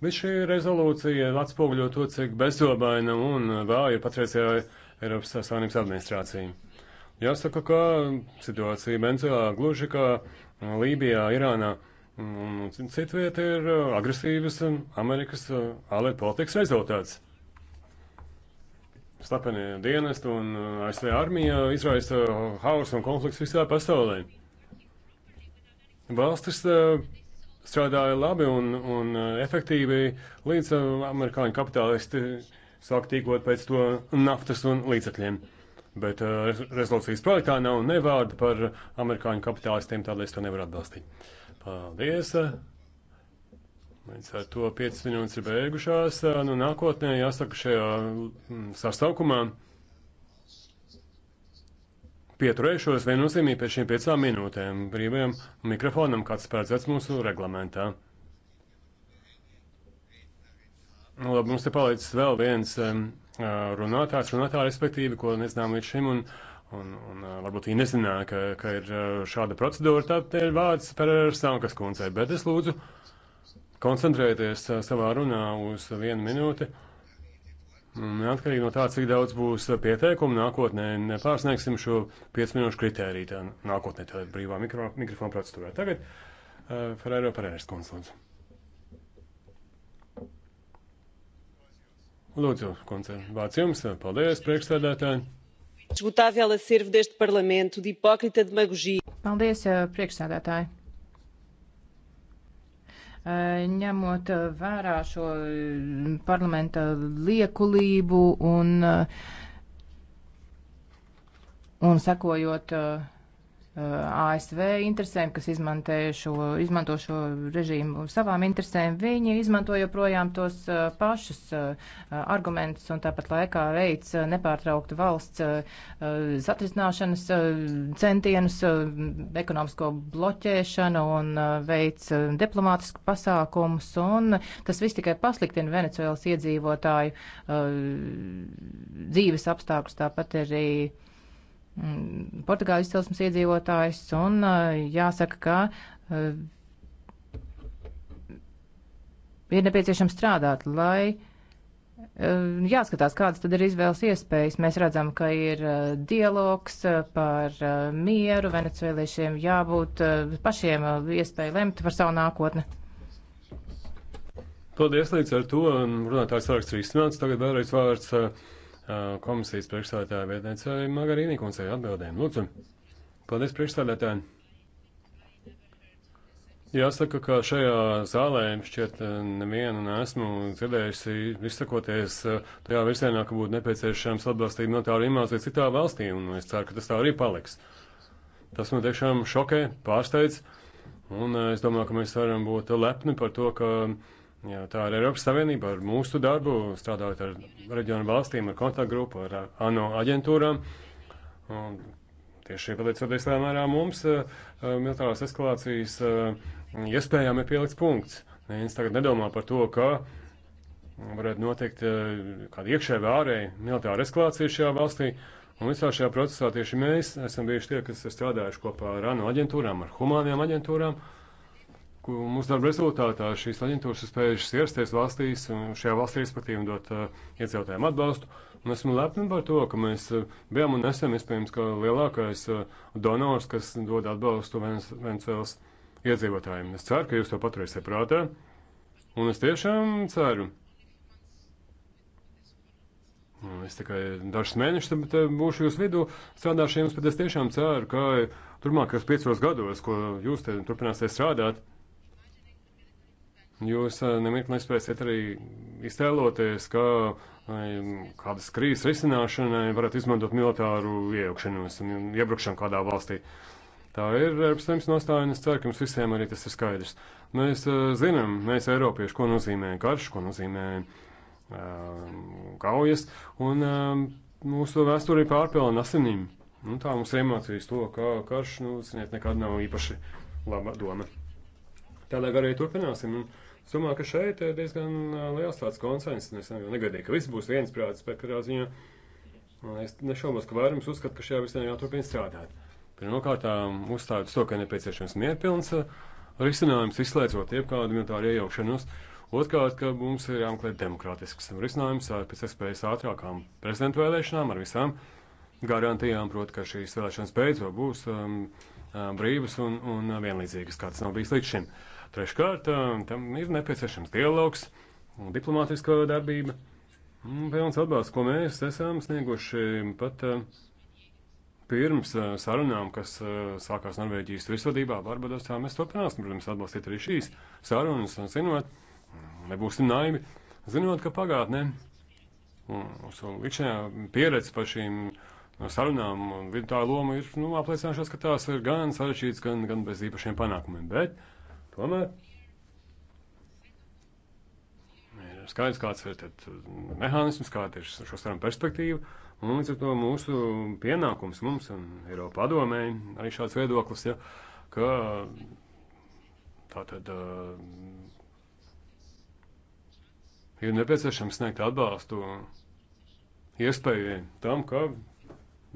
Speaker 3: Viss šī rezolūcija atspoguļo to, cik bezobaina un vāja ir patreizējā Eiropas Savienības administrācija. Jāsaka, ka situācija Venecijā gluži kā Lībijā, Irānā. Un, un cita vieta ir uh, agresīvas um, Amerikas uh, ārlietu politikas rezultāts. Slepenie dienesti un uh, ASV armija izraisa hausu un konflikts visā pasaulē. Valstis strādāja labi un, un efektīvi, līdz amerikāņu kapitālisti sāk tīkot pēc to naftas un līdzekļiem bet uh, rezolūcijas projektā nav ne vārda par amerikāņu kapitālistiem, tādēļ es to nevaru atbalstīt. Paldies! Līdz ar to 5 minūtes ir beigušās. Nu, nākotnē jāsaka šajā mm, sasaukumā pieturēšos viennozīmīgi pie šīm piecām minūtēm brīvajam mikrofonam, kāds paredzēts mūsu reglamentā. Nu, labi, mums te palicis vēl viens um, runātājs, runātāja, respektīvi, ko nezinām līdz šim, un, un, un varbūt viņi nezināja, ka, ka ir šāda procedūra, tad ir vārds par Sankas kundzei, bet es lūdzu koncentrēties savā runā uz vienu minūti. Neatkarīgi no tā, cik daudz būs pieteikumu nākotnē, nepārsniegsim šo 5 minūšu kritēriju tā nākotnē, tā brīvā mikro, mikrofona procedūrā. Tagad uh, Ferēro Pereiras konsultants. Lūdzu, kundze, vārds jums. Paldies, priekšsēdētāji. Esgotável a servo deste Parlamento de hipócrita demagogia.
Speaker 1: Paldies, eh, priekšsēdētāji. Eh, ņemot vērā šo eh, parlamenta liekulību un, un sakojot uh, Uh, ASV interesēm, kas šo, izmanto šo režīmu savām interesēm, viņi izmanto joprojām tos uh, pašus uh, argumentus un tāpat laikā veids nepārtrauktu valsts satrisināšanas centienus, ekonomisko bloķēšanu un veids diplomātisku pasākumus, un tas viss tikai pasliktina Venecuēlas iedzīvotāju dzīves apstākļus, tāpat arī Mm, Portugāļu izcelsmes iedzīvotājs, un uh, jāsaka, ka uh, ir nepieciešams strādāt, lai uh, jāskatās, kādas tad ir izvēles iespējas. Mēs redzam, ka ir dialogs par mieru, venecuēliešiem jābūt pašiem iespēju lemt par savu nākotni.
Speaker 3: Paldies, līdz ar to runātājs saraksts ir izsnāts. Tagad vēlreiz vārds. Uh, Uh, komisijas priekšstādātāja vietniecei Magarīnī kundzei atbildēm. Lūdzu, paldies priekšstādātājiem! Jāsaka, ka šajā zālē šķiet uh, nevienu nesmu dzirdējusi izsakoties uh, tajā virzienā, ka būtu nepieciešams atbalstīt militāru invāziju citā valstī, un es ceru, ka tas tā arī paliks. Tas man tiešām šokē, pārsteidz, un es domāju, ka mēs varam būt lepni par to, ka uh, Jā, tā ir Eiropas Savienība ar mūsu darbu, strādājot ar reģionu valstīm, ar kontaktgrupu, ar ANO aģentūrām. Un tieši pateicoties tādā mērā mums, eh, eh, militārās eskalācijas eh, iespējām ir pielikts punkts. Neviens tagad nedomā par to, ka varētu notikt kāda iekšēja vai ārēja militāra eskalācija šajā valstī. Un visā šajā procesā tieši mēs esam bijuši tie, kas ir strādājuši kopā ar ANO aģentūrām, ar humāniem aģentūrām. Uh, kur mūsu darba rezultātā šīs aģentūras ir spējušas ierasties valstīs un šajā valstī respektīvi dot uh, iedzīvotājiem atbalstu. Un esmu lepni par to, ka mēs uh, bijām un esam iespējams lielākais uh, donors, kas dod atbalstu Venecijas iedzīvotājiem. Es ceru, ka jūs to paturēsiet prātā, un es tiešām ceru. Un nu, es tikai dažus mēnešus uh, būšu jūsu vidū, strādāšu jums, bet es tiešām ceru, ka uh, turpmākajos piecos gados, ko jūs te turpināsiet strādāt, jūs eh, nemirkli nespēsiet arī iztēloties, ka eh, kādas krīzes risināšanai varat izmantot militāru iejaukšanos un iebrukšanu kādā valstī. Tā ir Eiropas Savienības nostāja, un es ceru, ka mums visiem arī tas ir skaidrs. Mēs eh, zinām, mēs Eiropieši, ko nozīmē karš, ko nozīmē kaujas, un mūsu vēsturī pārpilna asinīm. Nu, tā mums ir iemācījis to, ka karš, nu, ziniet, nekad nav īpaši laba doma. Tādā garā arī turpināsim. Un, uh, Es domāju, ka šeit ir diezgan liels tāds konsens. Es negaidīju, ka viss būs viensprāts, bet katrā ziņā es nešaubos, ka vairums uzskata, ka šajā visnē jāturpina strādāt. Pirmkārt, uzstājot to, ka nepieciešams mierpilns risinājums, izslēdzot jebkādu militāru iejaukšanos. Otrkārt, ka mums ir jāmeklē demokrātisks risinājums ar pēc iespējas ātrākām prezidentu vēlēšanām, ar visām garantijām, proti, ka šīs vēlēšanas beidzot būs um, brīvas un, un vienlīdzīgas, kāds nav bijis līdz šim. Uh, Treškārt, tam ir nepieciešams dialogs, diplomātiskā darbība, pilns atbalsts, ko mēs esam snieguši pat pirms sarunām, kas sākās Norvēģijas virsvadībā, Barbadosā. Mēs turpināsim, protams, atbalstīt arī šīs sarunas, zinot, nebūsim naivi, zinot, ka pagātnē uz līdzinājā pieredze par šīm sarunām un vidutāju lomu ir nu, apliecinājušās, ka tās ir gan sarežģītas, gan, gan bez īpašiem panākumiem. Bet, uh, Tomēr ir skaidrs, kāds ir mehānisms, kāda ir šo sarunu perspektīva. Un līdz ar to mūsu pienākums mums un Eiropa padomēji arī šāds viedoklis, ja, ka tā tad uh, ir nepieciešams sniegt atbalstu iespējai tam, ka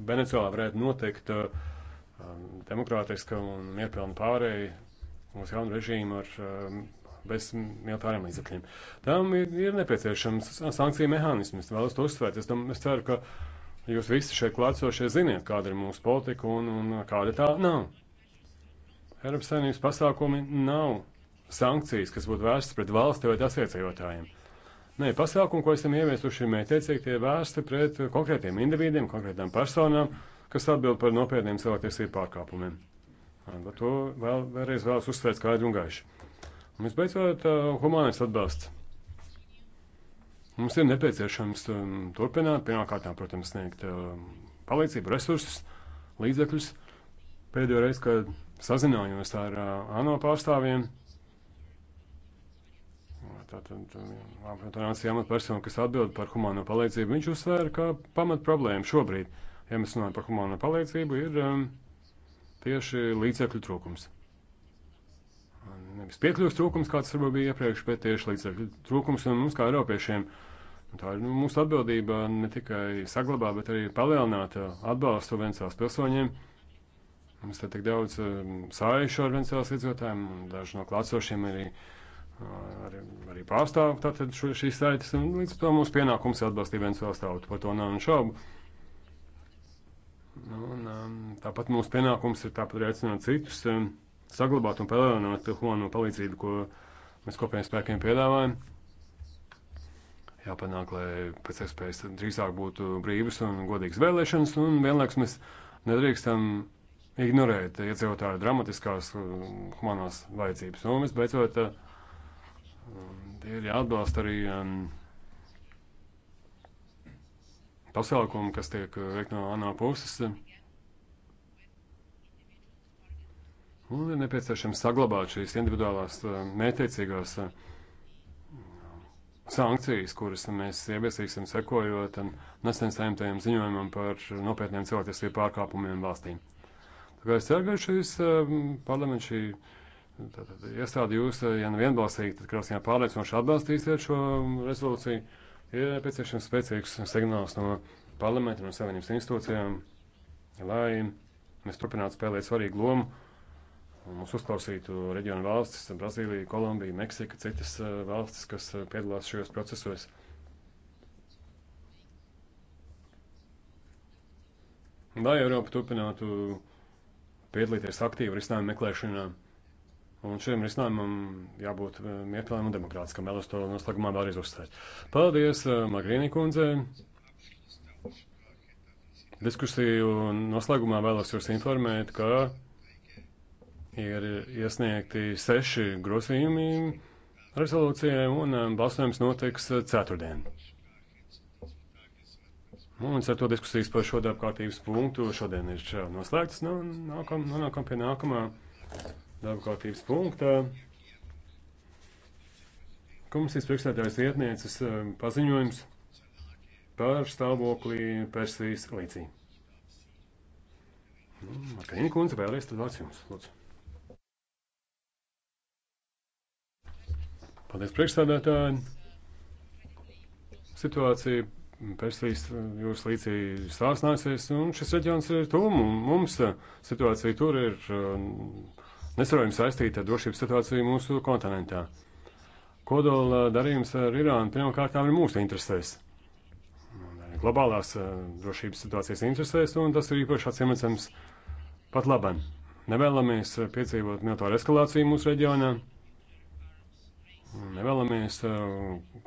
Speaker 3: Venecijā varētu noteikt uh, um, demokrātiska un mierpilna pārēja uz jaunu režīmu ar um, bez militāriem līdzekļiem. Tam ir, ir nepieciešams sankciju mehānisms. Vēlos to uzsvērt. Es, tam, es ceru, ka jūs visi šeit klātsošie ziniet, kāda ir mūsu politika un, un kāda tā nav. Eiropas Savienības pasākumi nav sankcijas, kas būtu vērstas pret valsti vai tās iecējotājiem. Nē, pasākumi, ko esam ieviesuši, ir mētiecīgi tie vērsti pret konkrētiem individiem, konkrētām personām, kas atbild par nopietniem cilvēktiesību pārkāpumiem. Bet to vēl, vēlreiz vēlas uzsvērt skaidri un gaiši. Un visbeidzot, humānais atbalsts. Mums ir nepieciešams um, turpināt, pirmkārt, protams, sniegt um, palīdzību, resursus, līdzekļus. Pēdējo reizi, kad sazinājos ar uh, ANO pārstāvjiem, tātad apvienotās amatpersonu, kas atbild par humāno palīdzību, viņš uzsvēra, ka pamat problēma šobrīd, ja mēs runājam par humāno palīdzību, ir. Um, tieši līdzekļu trūkums. Nevis piekļuvis trūkums, kāds varbūt bija iepriekš, bet tieši līdzekļu trūkums un mums kā Eiropiešiem. Tā ir nu, mūsu atbildība ne tikai saglabāt, bet arī palielināt uh, atbalstu Venecijas pilsoņiem. Mums te tik daudz um, sājuši ar Venecijas iedzīvotājiem, un daži no klātsošiem arī, uh, arī, arī pārstāv tātad šo, šīs saites, un līdz to mūsu pienākums ir atbalstīt Venecijas tautu, par to nav un šaubu. Nu, un, um, tāpat mūsu pienākums ir tāpat arī aicināt citus um, saglabāt un palielināt humano palīdzību, ko mēs kopējiem spēkiem piedāvājam. Jāpanāk, lai pēc iespējas drīzāk būtu brīvas un godīgas vēlēšanas, un vienlaikus mēs nedrīkstam ignorēt iedzīvotāju dramatiskās uh, humanās vajadzības. Un, visbeidzot, uh, ir jāatbalsta arī um, pasākumu, kas tiek eh, veikt no ANO puses. Un ir nepieciešams saglabāt šīs individuālās eh, mētiecīgās eh, sankcijas, kuras mēs ieviesīsim sekojot nesen saimtajam ziņojumam par nopietniem cilvēktiesību pārkāpumiem valstīm. Tā kā es ceru, ka šīs parlaments šī iestāde jūs, ja nevienbalsīgi, nu tad krāsījā pārliecinoši atbalstīsiet šo mm, rezolūciju. Ir nepieciešams spēcīgs signāls no parlamenta un no savienības institūcijām, lai mēs turpinātu spēlēt svarīgu lomu un mūs uzklausītu reģionu valstis - Brazīlija, Kolumbija, Meksika, citas eh, valstis, kas eh, piedalās šajos procesos. Lai Eiropa turpinātu piedalīties aktīvi risinājumu meklēšanā. Un šim risinājumam jābūt eh, iekļaujamam un demokrātiskam. Vēlos to noslēgumā vēlreiz uzsvērt. Paldies, eh, Magrīnī kundze. Diskusiju noslēgumā vēlos jūs informēt, ka ir iesniegti seši grozījumi rezolūcijai, un eh, balsojums notiks ceturtdien. Un ar to diskusijas par šo darbkārtības punktu šodien ir noslēgts. Nu, nonākam no, no, pie nākamā darba kārtības punktā. Komisijas priekšstādājas vietnieces eh, paziņojums par stāvokli Persijas līdzī. Nu, Martīna Kunze, vēlreiz tad vārds jums, lūdzu. Paldies priekšstādātāji. Situācija Persijas eh, jūras līcī sāsnāsies, un šis reģions ir tuvu mums. Eh, situācija tur ir nesaprotami saistīta ar drošības situāciju mūsu kontinentā. Kodola darījums ar Irānu pirmkārt ir mūsu interesēs. Globālās eh, drošības situācijas interesēs, un tas ir īpaši atsimredzams pat labam. Nevēlamies eh, piedzīvot militāru eskalāciju mūsu reģionā. Nevēlamies eh,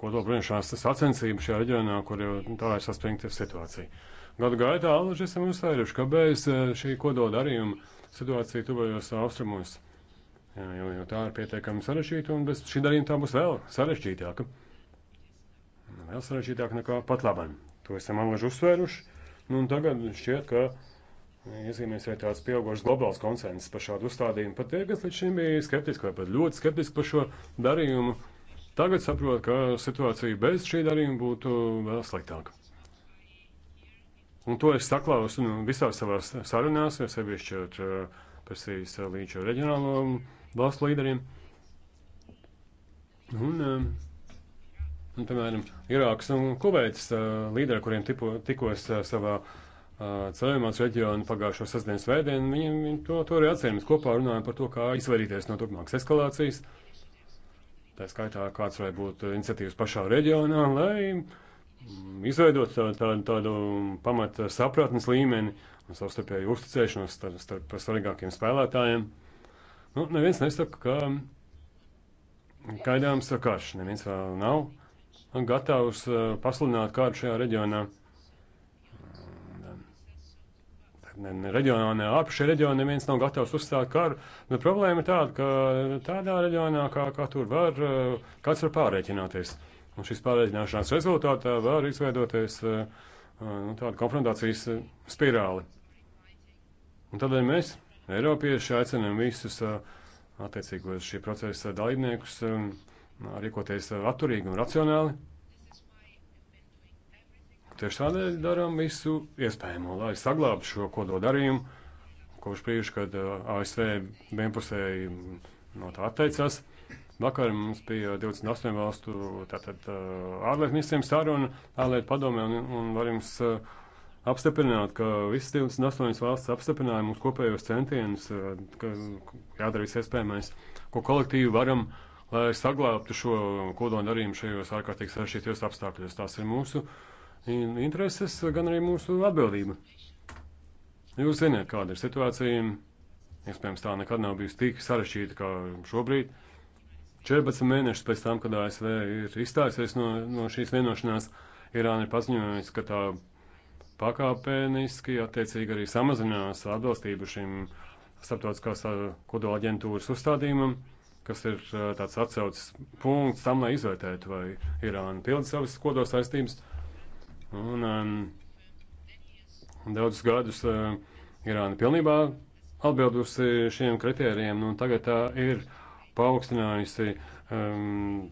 Speaker 3: kodola bruņošanās sacensību šajā reģionā, kur jau tā ir saspringta situācija. Gadu gaitā alaži esam uzsvēruši, ka bez šī kodola darījuma situācija tuvajos austrumos. Jā, jo, jo tā ir pietiekami sarežģīta, un bez šī darījuma tā būs vēl sarežģītāka. Vēl sarežģītāka nekā pat labam. To esam alaži uzsvēruši. Nu, un tagad šķiet, ka iezīmēs arī tāds pieaugošs globāls konsensus par šādu uzstādījumu. Pat tie, kas līdz šim bija skeptiski vai pat ļoti skeptiski par šo darījumu, tagad saprot, ka situācija bez šī darījuma būtu vēl sliktāka. Un to es saklausu nu, visās savās sarunās, jo sevišķi ar uh, eh, Persijas eh, līča reģionālo valstu līderiem. Un, uh, un piemēram, Irākas un Kuveitas uh, līderi, kuriem tipo, tikos uh, savā uh, ceļojumās reģionu pagājušo sestdienu svētdienu, viņi, viņi to, to arī atcēlamies kopā runājam par to, kā izvairīties no turpmākas eskalācijas. Tā skaitā, kāds varētu būt iniciatīvas pašā reģionā, lai uh, izveidot tādu, tādu, tādu pamata sapratnes līmeni un savstarpēju uzticēšanos starp, starp svarīgākiem spēlētājiem. Nu, neviens nesaka, ka gaidāms karš. Neviens vēl nav gatavs uh, pasludināt kādu šajā reģionā. Ne, ne reģionā, ne ārpus šī reģiona neviens nav gatavs uzstāt karu. Nu, problēma ir tāda, ka tādā reģionā, kā, kā tur var, uh, kāds var pārreķināties. Uh, Un šis pārreikināšanās rezultātā var izveidoties eh, nu, tāda konfrontācijas eh, spirāli. Un tādēļ mēs, Eiropieši, aicinām visus eh, attiecīgos šī procesa dalībniekus rīkoties atturīgi un racionāli. Tieši tādēļ darām visu iespējamo, lai saglābtu šo kododarījumu, kopš brīža, kad ASV vienpusēji mm, no tā atteicās. Vakar mums bija 28 valstu tātad, ārlietu ministriem saruna, ārlietu padomē, un, un var jums apstiprināt, ka visas 28 valsts apstiprināja mums kopējos centienus, ka jādara viss iespējamais, ko kolektīvi varam, lai saglābtu šo kodolu darījumu šajos ārkārtīgi sarežģītajos apstākļos. Tās ir mūsu intereses, gan arī mūsu atbildība. Jūs zināt, kāda ir situācija. Iespējams, tā nekad nav bijusi tik sarežģīta kā šobrīd. 14 mēnešus pēc tam, kad ASV ir izstājusies no, no šīs vienošanās, Irāna ir paziņojusi, ka tā pakāpeniski attiecīgi arī samazinās atbalstību šim starptautiskās kodola aģentūras uzstādījumam, kas ir tāds atsaucas punkts tam, lai izvērtētu, vai Irāna pilda savas kodola saistības. Un um, daudzus gadus uh, Irāna pilnībā atbildusi šiem kritērijiem, nu, un tagad tā ir paaugstinājusi um,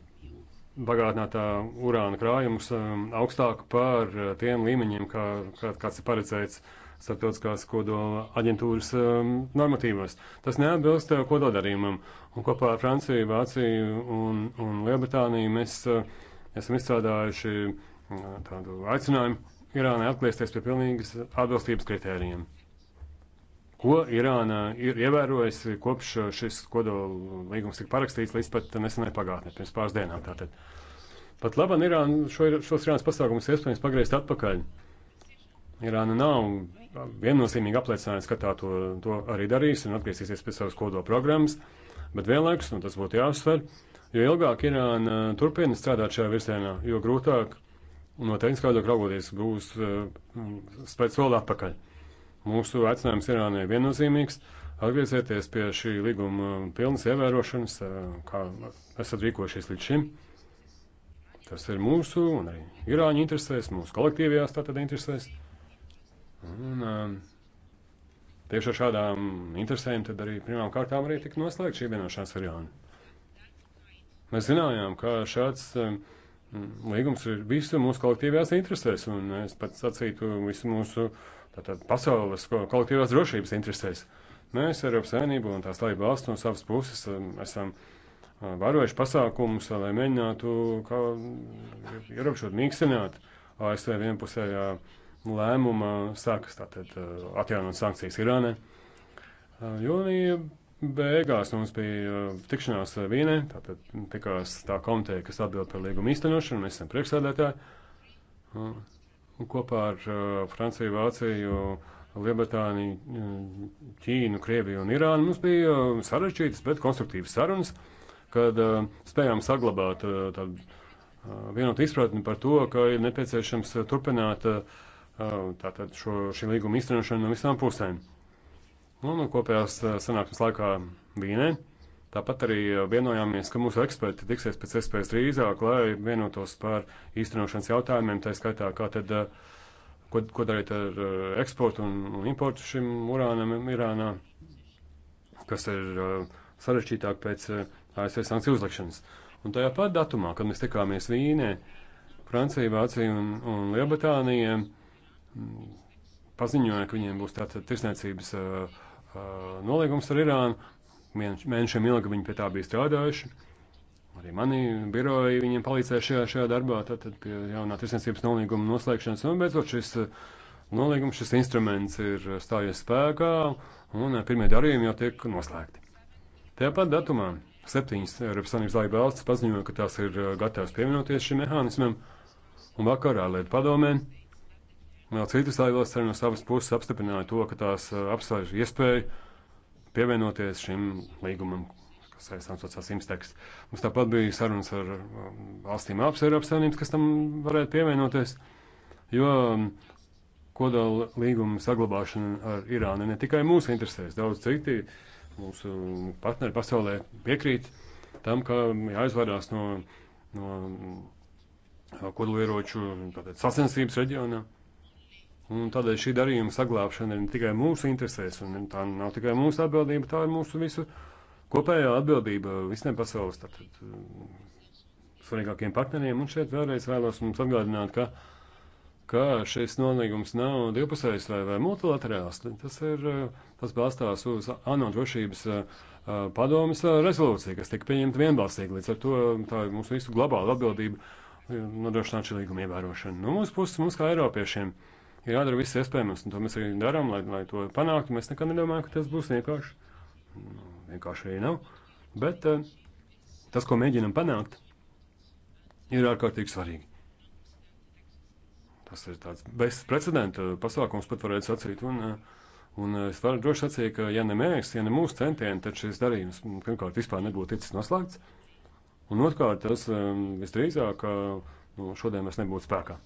Speaker 3: bagātinātā urāna krājumus um, augstāk par uh, tiem līmeņiem, kā, kā, kāds ir paredzēts starptautiskās kodola aģentūras um, normatīvos. Tas neatbilst uh, kodoldarījumam. Un kopā ar Franciju, Vāciju un, un Lielbritāniju mēs uh, esam izstrādājuši uh, tādu aicinājumu Irānai atgriezties pie pilnīgas atbilstības kritērijiem ko Irāna ir ievērojusi kopš šis kodola līgums tika parakstīts līdz pat nesenai pagātnē, pirms pāris dienām. Tātad. Pat labi, Irāna šo, šos Irānas pasākumus iespējams pagriezt atpakaļ. Irāna nav viennozīmīgi apliecinājusi, ka tā to, to arī darīs un atgriezīsies pie savas kodola programmas, bet vienlaikus, un tas būtu jāuzsver, jo ilgāk Irāna turpina strādāt šajā virzienā, jo grūtāk un no tehniskā viedokļa raugoties būs uh, eh, spēc soli atpakaļ. Mūsu aicinājums Irānai ir viennozīmīgs - atgriezieties pie šī līguma pilnas ievērošanas, kā esat rīkojušies līdz šim. Tas ir mūsu un arī Irāņu interesēs, mūsu kolektīvajās tātad interesēs. Un, um, tieši ar šādām interesēm tad arī pirmām kārtām arī tika noslēgta šī vienošanās ar Irānu. Mēs zinājām, ka šāds um, līgums ir visu mūsu kolektīvajās interesēs, un es pats sacītu visu mūsu tātad pasaules kolektīvās drošības interesēs. Mēs, Eiropas Savienība un tās dalība valsts no savas puses, um, esam uh, varojuši pasākumus, lai mēģinātu kā ierobežot, mīkstināt ASV vienpusējā lēmuma sākas, tātad uh, atjaunot sankcijas Irānai. Uh, jūnija beigās mums bija tikšanās Vīnē, tātad tikās tā komiteja, kas atbild par līgumu īstenošanu, mēs esam priekšsēdētāji kopā ar uh, Franciju, Vāciju, Lielbritāniju, uh, Ķīnu, Krieviju un Irānu mums bija uh, sarežģītas, bet konstruktīvas sarunas, kad spējām saglabāt tādu vienotu izpratni par to, ka ir nepieciešams turpināt tātad šo, šī līguma īstenošanu no visām pusēm. Un nu, nu, kopējās sanāksmes laikā Vīnē Tāpat arī eh, vienojāmies, ka mūsu eksperti tiksies pēc iespējas drīzāk, lai vienotos par īstenošanas jautājumiem, tā skaitā, kā tad, eh, ko, ko darīt ar eh, eksportu un, un importu šim urānam Irānā, kas ir sarežģītāk pēc ASV sankciju uzlikšanas. Un tajā pat datumā, kad mēs tikāmies Vīnē, Francija, Vācija un, un Lielbritānija mm, paziņoja, ka viņiem būs tāds tirsniecības uh, uh, nolīgums ar Irānu, Mēnešiem ilgi viņi pie tā bija strādājuši. Arī mani biroji viņiem palīdzēja šajā, šajā darbā, tātad pie jaunā tirsniecības nolīguma noslēgšanas. Un beidzot šis uh, nolīgums, šis instruments ir uh, stājies spēkā, un uh, pirmie darījumi jau tiek noslēgti. Tāpat datumā septiņas Eiropas Savienības laiba valsts paziņoja, ka tās ir gatavas pievienoties šim mehānismam, un vakarā Lietu padomē vēl citas laivas arī no savas puses apstiprināja to, ka tās apsver iespēju pievienoties šim līgumam, kas saistām sociāls imsteks. Mums tāpat bija sarunas ar um, valstīm ārpus Eiropas Savienības, kas tam varētu pievienoties, jo um, kodola līguma saglabāšana ar Irānu ne tikai mūsu interesēs, daudz citi mūsu partneri pasaulē piekrīt tam, ka jāizvairās no, no kodolieroču sacensības reģionā. Un tādēļ šī darījuma saglabāšana ir ne tikai mūsu interesēs, un tā nav tikai mūsu atbildība, tā ir mūsu visu kopējā atbildība visiem pasaules tātad, mm, svarīgākiem partneriem. Un šeit vēlreiz vēlos mums atgādināt, ka, ka šis nolīgums nav divpusējs vai, vai multilaterāls. Tas, ir, tas balstās uz ANO drošības padomas rezolūciju, kas tika pieņemta vienbalsīgi. Līdz ar to tā ir mūsu visu globāla atbildība nodrošināt šī līguma ievērošanu. No mūsu puses, mums kā Eiropiešiem. Ir jādara viss iespējamais, un to mēs arī darām, lai, lai to panāktu. Mēs nekad nedomājam, ka tas būs vienkārši. Nu, vienkārši arī nav. Bet uh, tas, ko mēģinam panākt, ir ārkārtīgi svarīgi. Tas ir tāds bezprecedenta pasākums, pat varētu sacīt. Un, uh, Un eh, es varu droši sacīt, ka, ja ne mēs, ja ne mūsu centieni, tad šis darījums mm, pirmkārt vispār nebūtu ticis noslēgts. Un otrkārt, tas um, visdrīzāk, ka nu, šodien mēs nebūtu spēkā.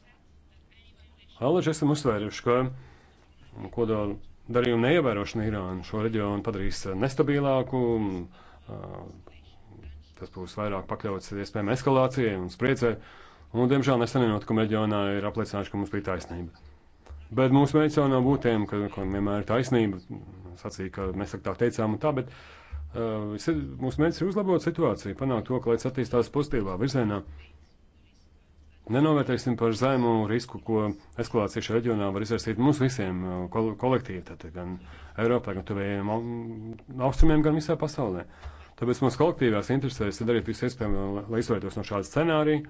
Speaker 3: Allaž esam uzsvēruši, ka kodola darījuma neievērošana Irānu šo reģionu padarīs eh, nestabilāku, eh, tas būs vairāk pakļauts iespējami eskalācijai un spriedzē, un, diemžēl, nesenie notikumi reģionā ir apliecinājuši, ka mums bija taisnība. Bet mūsu mērķis jau nav būt tiem, ka, ka vienmēr ir taisnība, sacīja, ka mēs tā teicām un tā, bet uh, mūsu mērķis ir uzlabot situāciju, panākt to, ka lietas attīstās pozitīvā virzienā. Uh, nenovērtēsim par zemu risku, ko eskalācija šajā reģionā var izvērsīt mums visiem kol kolektīvi, tātad gan Eiropā, gan tuvējiem austrumiem, gan visā pasaulē. Tāpēc mums kolektīvās interesēs ir darīt visu iespējamo, lai izvairītos no šāda scenārija.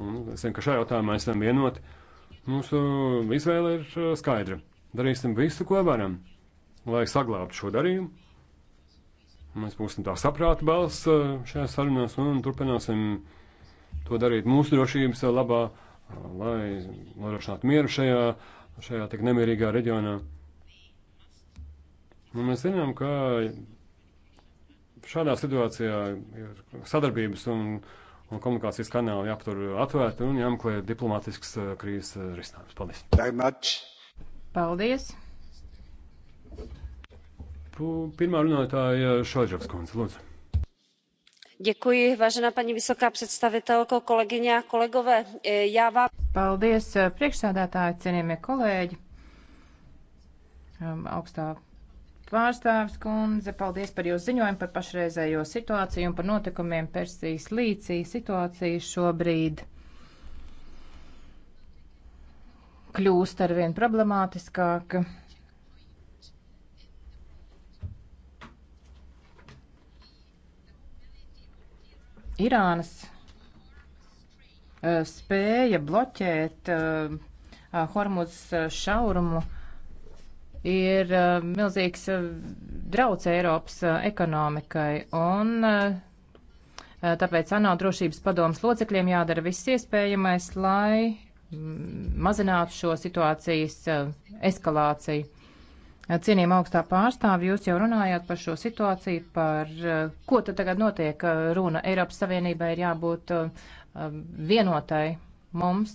Speaker 3: Un es domāju, ka šajā jautājumā esam vienoti. Mūsu izvēle ir uh, skaidra. Darīsim visu, ko varam, lai saglābtu šo darījumu. Mēs būsim tā saprāta balss uh, šajās sarunās un turpināsim to darīt mūsu drošības labā, lai nodrošinātu mieru šajā, šajā tik nemierīgā reģionā. Un mēs zinām, ka šādā situācijā ir sadarbības un, un komunikācijas kanāli jāaptur atvērti un jāmeklē diplomātisks eh, krīzes eh, risinājums. Paldies! Paldies! Pirmā runātāja Šoidžovs kundze, lūdzu
Speaker 1: paní vysoká představitelko kolegyně a kolegové e, já vám. paldies e, priekšsēdētāji cienījamie kolēģi e, augstā pārstāvis kundze paldies par jūsu ziņojumu par pašreizējo situāciju un par notikumiem persijas līcī situācija šobrīd kļūst arvien problemātiskāka. Irānas eh, spēja bloķēt eh, ah, Hormuz eh, šaurumu ir milzīgs drauds Eiropas ekonomikai, un tāpēc ANO drošības padomas locekļiem jādara viss iespējamais, lai mm, mazinātu šo situācijas eskalāciju. Cienījama augstā pārstāve, jūs jau runājāt par šo situāciju, par eh, ko tad tagad notiek runa. Eiropas Savienībai ir jābūt eh, um, vienotai. Mums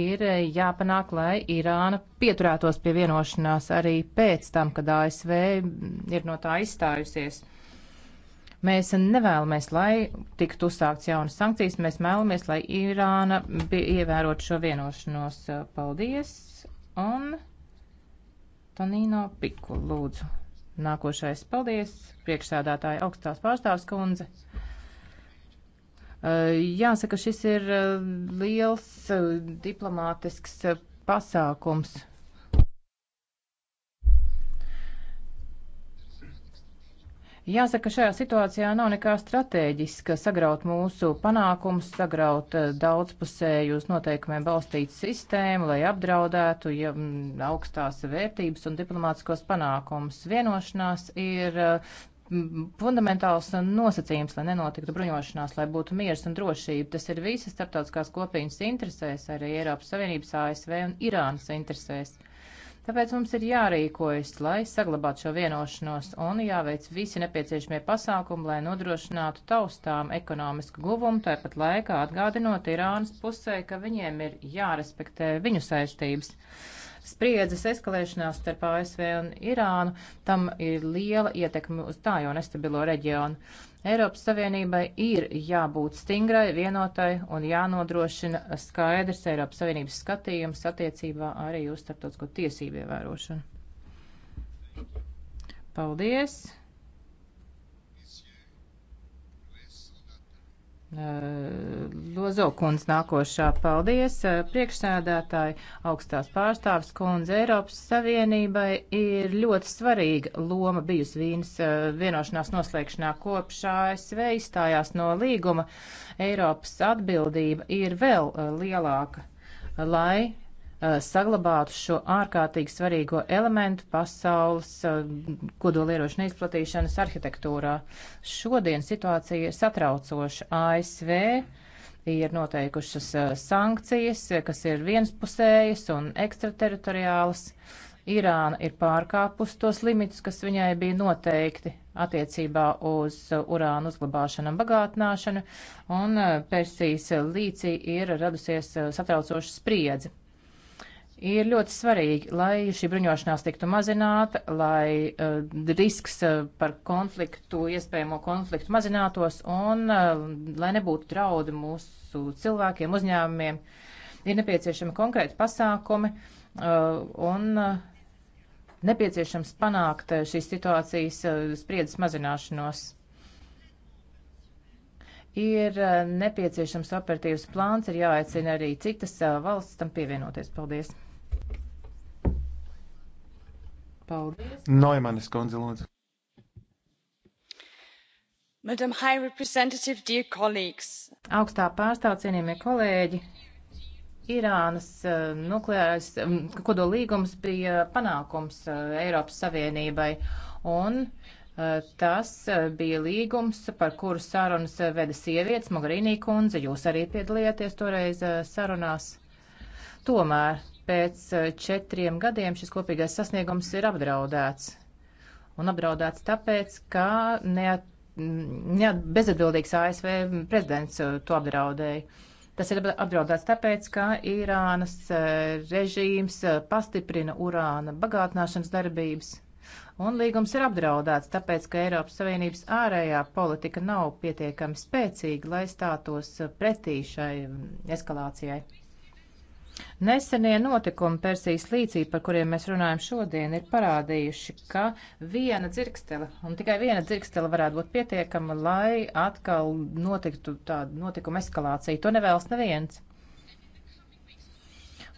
Speaker 1: ir eh, jāpanāk, lai Irāna pieturētos pie vienošanās arī pēc tam, kad ASV mm, ir no tā izstājusies. Mēs nevēlamies, lai tiktu uzsākts jaunas sankcijas, mēs vēlamies, lai Irāna ievērotu šo vienošanos. Paldies! Un Tonino Piku, lūdzu. Nākošais, paldies, priekšsādātāja augstās pārstāvs kundze. Jāsaka, šis ir liels diplomātisks pasākums Jāsaka, šajā situācijā nav nekā strateģiska sagraut mūsu panākumus, sagraut eh, daudzpusēju uz noteikumiem balstītu sistēmu, lai apdraudētu ja, mm, augstās vērtības un diplomātiskos panākumus. Vienošanās ir eh, fundamentāls nosacījums, lai nenotiktu bruņošanās, lai būtu miers un drošība. Tas ir visas starptautiskās kopienas interesēs, arī Eiropas Savienības, ASV un Irānas interesēs. Tāpēc mums ir jārīkojas, lai saglabātu šo vienošanos un jāveic visi nepieciešamie pasākumi, lai nodrošinātu taustām ekonomisku guvumu, tāpat laikā atgādinot Irānas pusē, ka viņiem ir jārespektē viņu saistības. Spriedzes eskalēšanās starp ASV un Irānu tam ir liela ietekme uz tā jau nestabilo reģionu. Eiropas Savienībai ir jābūt stingrai, vienotai un jānodrošina skaidrs Eiropas Savienības skatījums attiecībā arī uz starptautisko tiesību ievērošanu. Paldies! Eh, Lozokundz nākošā paldies. Eh, priekšsēdētāji augstās pārstāvs kundze Eiropas Savienībai ir ļoti svarīga loma bijusi vīnas eh, vienošanās noslēgšanā kopš ASV izstājās no līguma. Eiropas atbildība ir vēl lielāka, lai Uh, saglabātu šo ārkārtīgi svarīgo elementu pasaules uh, kodolieroču neizplatīšanas arhitektūrā. Šodien situācija ir satraucoša. ASV ir noteikušas uh, sankcijas, kas ir vienspusējas un ekstrateritoriālas. Irāna ir pārkāpus tos limitus, kas viņai bija noteikti attiecībā uz urānu uzglabāšanu un bagātināšanu, un Persijas līcī ir radusies satraucoša spriedze ir ļoti svarīgi, lai šī bruņošanās tiktu mazināta, lai uh, risks uh, par konfliktu, iespējamo konfliktu mazinātos un uh, lai nebūtu draudi mūsu cilvēkiem, uzņēmumiem. Ir nepieciešami konkrēti pasākumi uh, un uh, nepieciešams panākt uh, šīs situācijas uh, spriedzes mazināšanos ir nepieciešams operatīvs plāns, ir jāaicina arī citas valsts tam pievienoties. Paldies! Paldies. Noimanis kundze, lūdzu. Madam High Representative, dear colleagues. Augstā pārstāv, cienījamie kolēģi, Irānas uh, nukleārais um, kodolīgums bija panākums uh, Eiropas Savienībai, un uh, tas bija līgums, par kuru sarunas veda sievietes Mogarīnī kundze, jūs arī piedalījāties toreiz sarunās. Tomēr pēc eh, četriem gadiem šis kopīgais sasniegums ir apdraudēts. Un apdraudēts tāpēc, ka neat, mm, neat, bezatbildīgs ASV prezidents eh, to apdraudēja. Tas ir apdraudēts tāpēc, ka Irānas eh, režīms pastiprina urāna bagātināšanas darbības. Un līgums ir apdraudēts, tāpēc, ka Eiropas Savienības ārējā politika nav pietiekami spēcīga, lai stātos pretī šai mm, eskalācijai. Nesenie notikumi Persijas līcī, par kuriem mēs runājam šodien, ir parādījuši, ka viena dzirkstele, un tikai viena dzirkstele varētu būt pietiekama, lai atkal notiktu tāda notikuma eskalācija. To nevēlas neviens.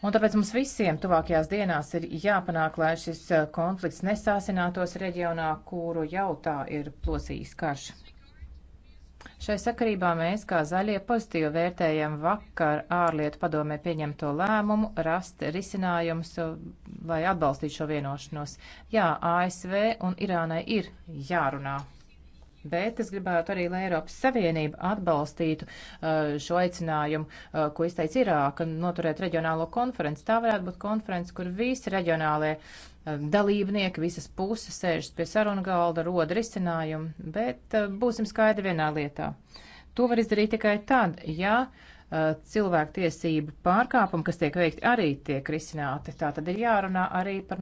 Speaker 1: Un tāpēc mums visiem tuvākajās dienās ir jāpanāk, lai šis eh, konflikts nesāsinātos reģionā, kuru jau tā ir plosījis karš. Šai sakarībā mēs, kā zaļie, pozitīvi vērtējam vakar ārlietu padomē pieņemto lēmumu rast risinājumus, uh, lai atbalstītu šo vienošanos. Jā, ASV un Irānai ir jārunā Bet es gribētu arī, lai Eiropas Savienība atbalstītu uh, šo aicinājumu, uh, ko izteica Irāka, noturēt reģionālo konferenci. Tā varētu būt konference, kur visi reģionālie um, dalībnieki, visas puses sēžas pie sarunu galda, roda risinājumu, bet uh, būsim skaidri vienā lietā. To var izdarīt tikai tad, ja cilvēktiesību pārkāpumi, kas tiek veikti, arī tiek risināti. Tā tad ir jārunā arī par.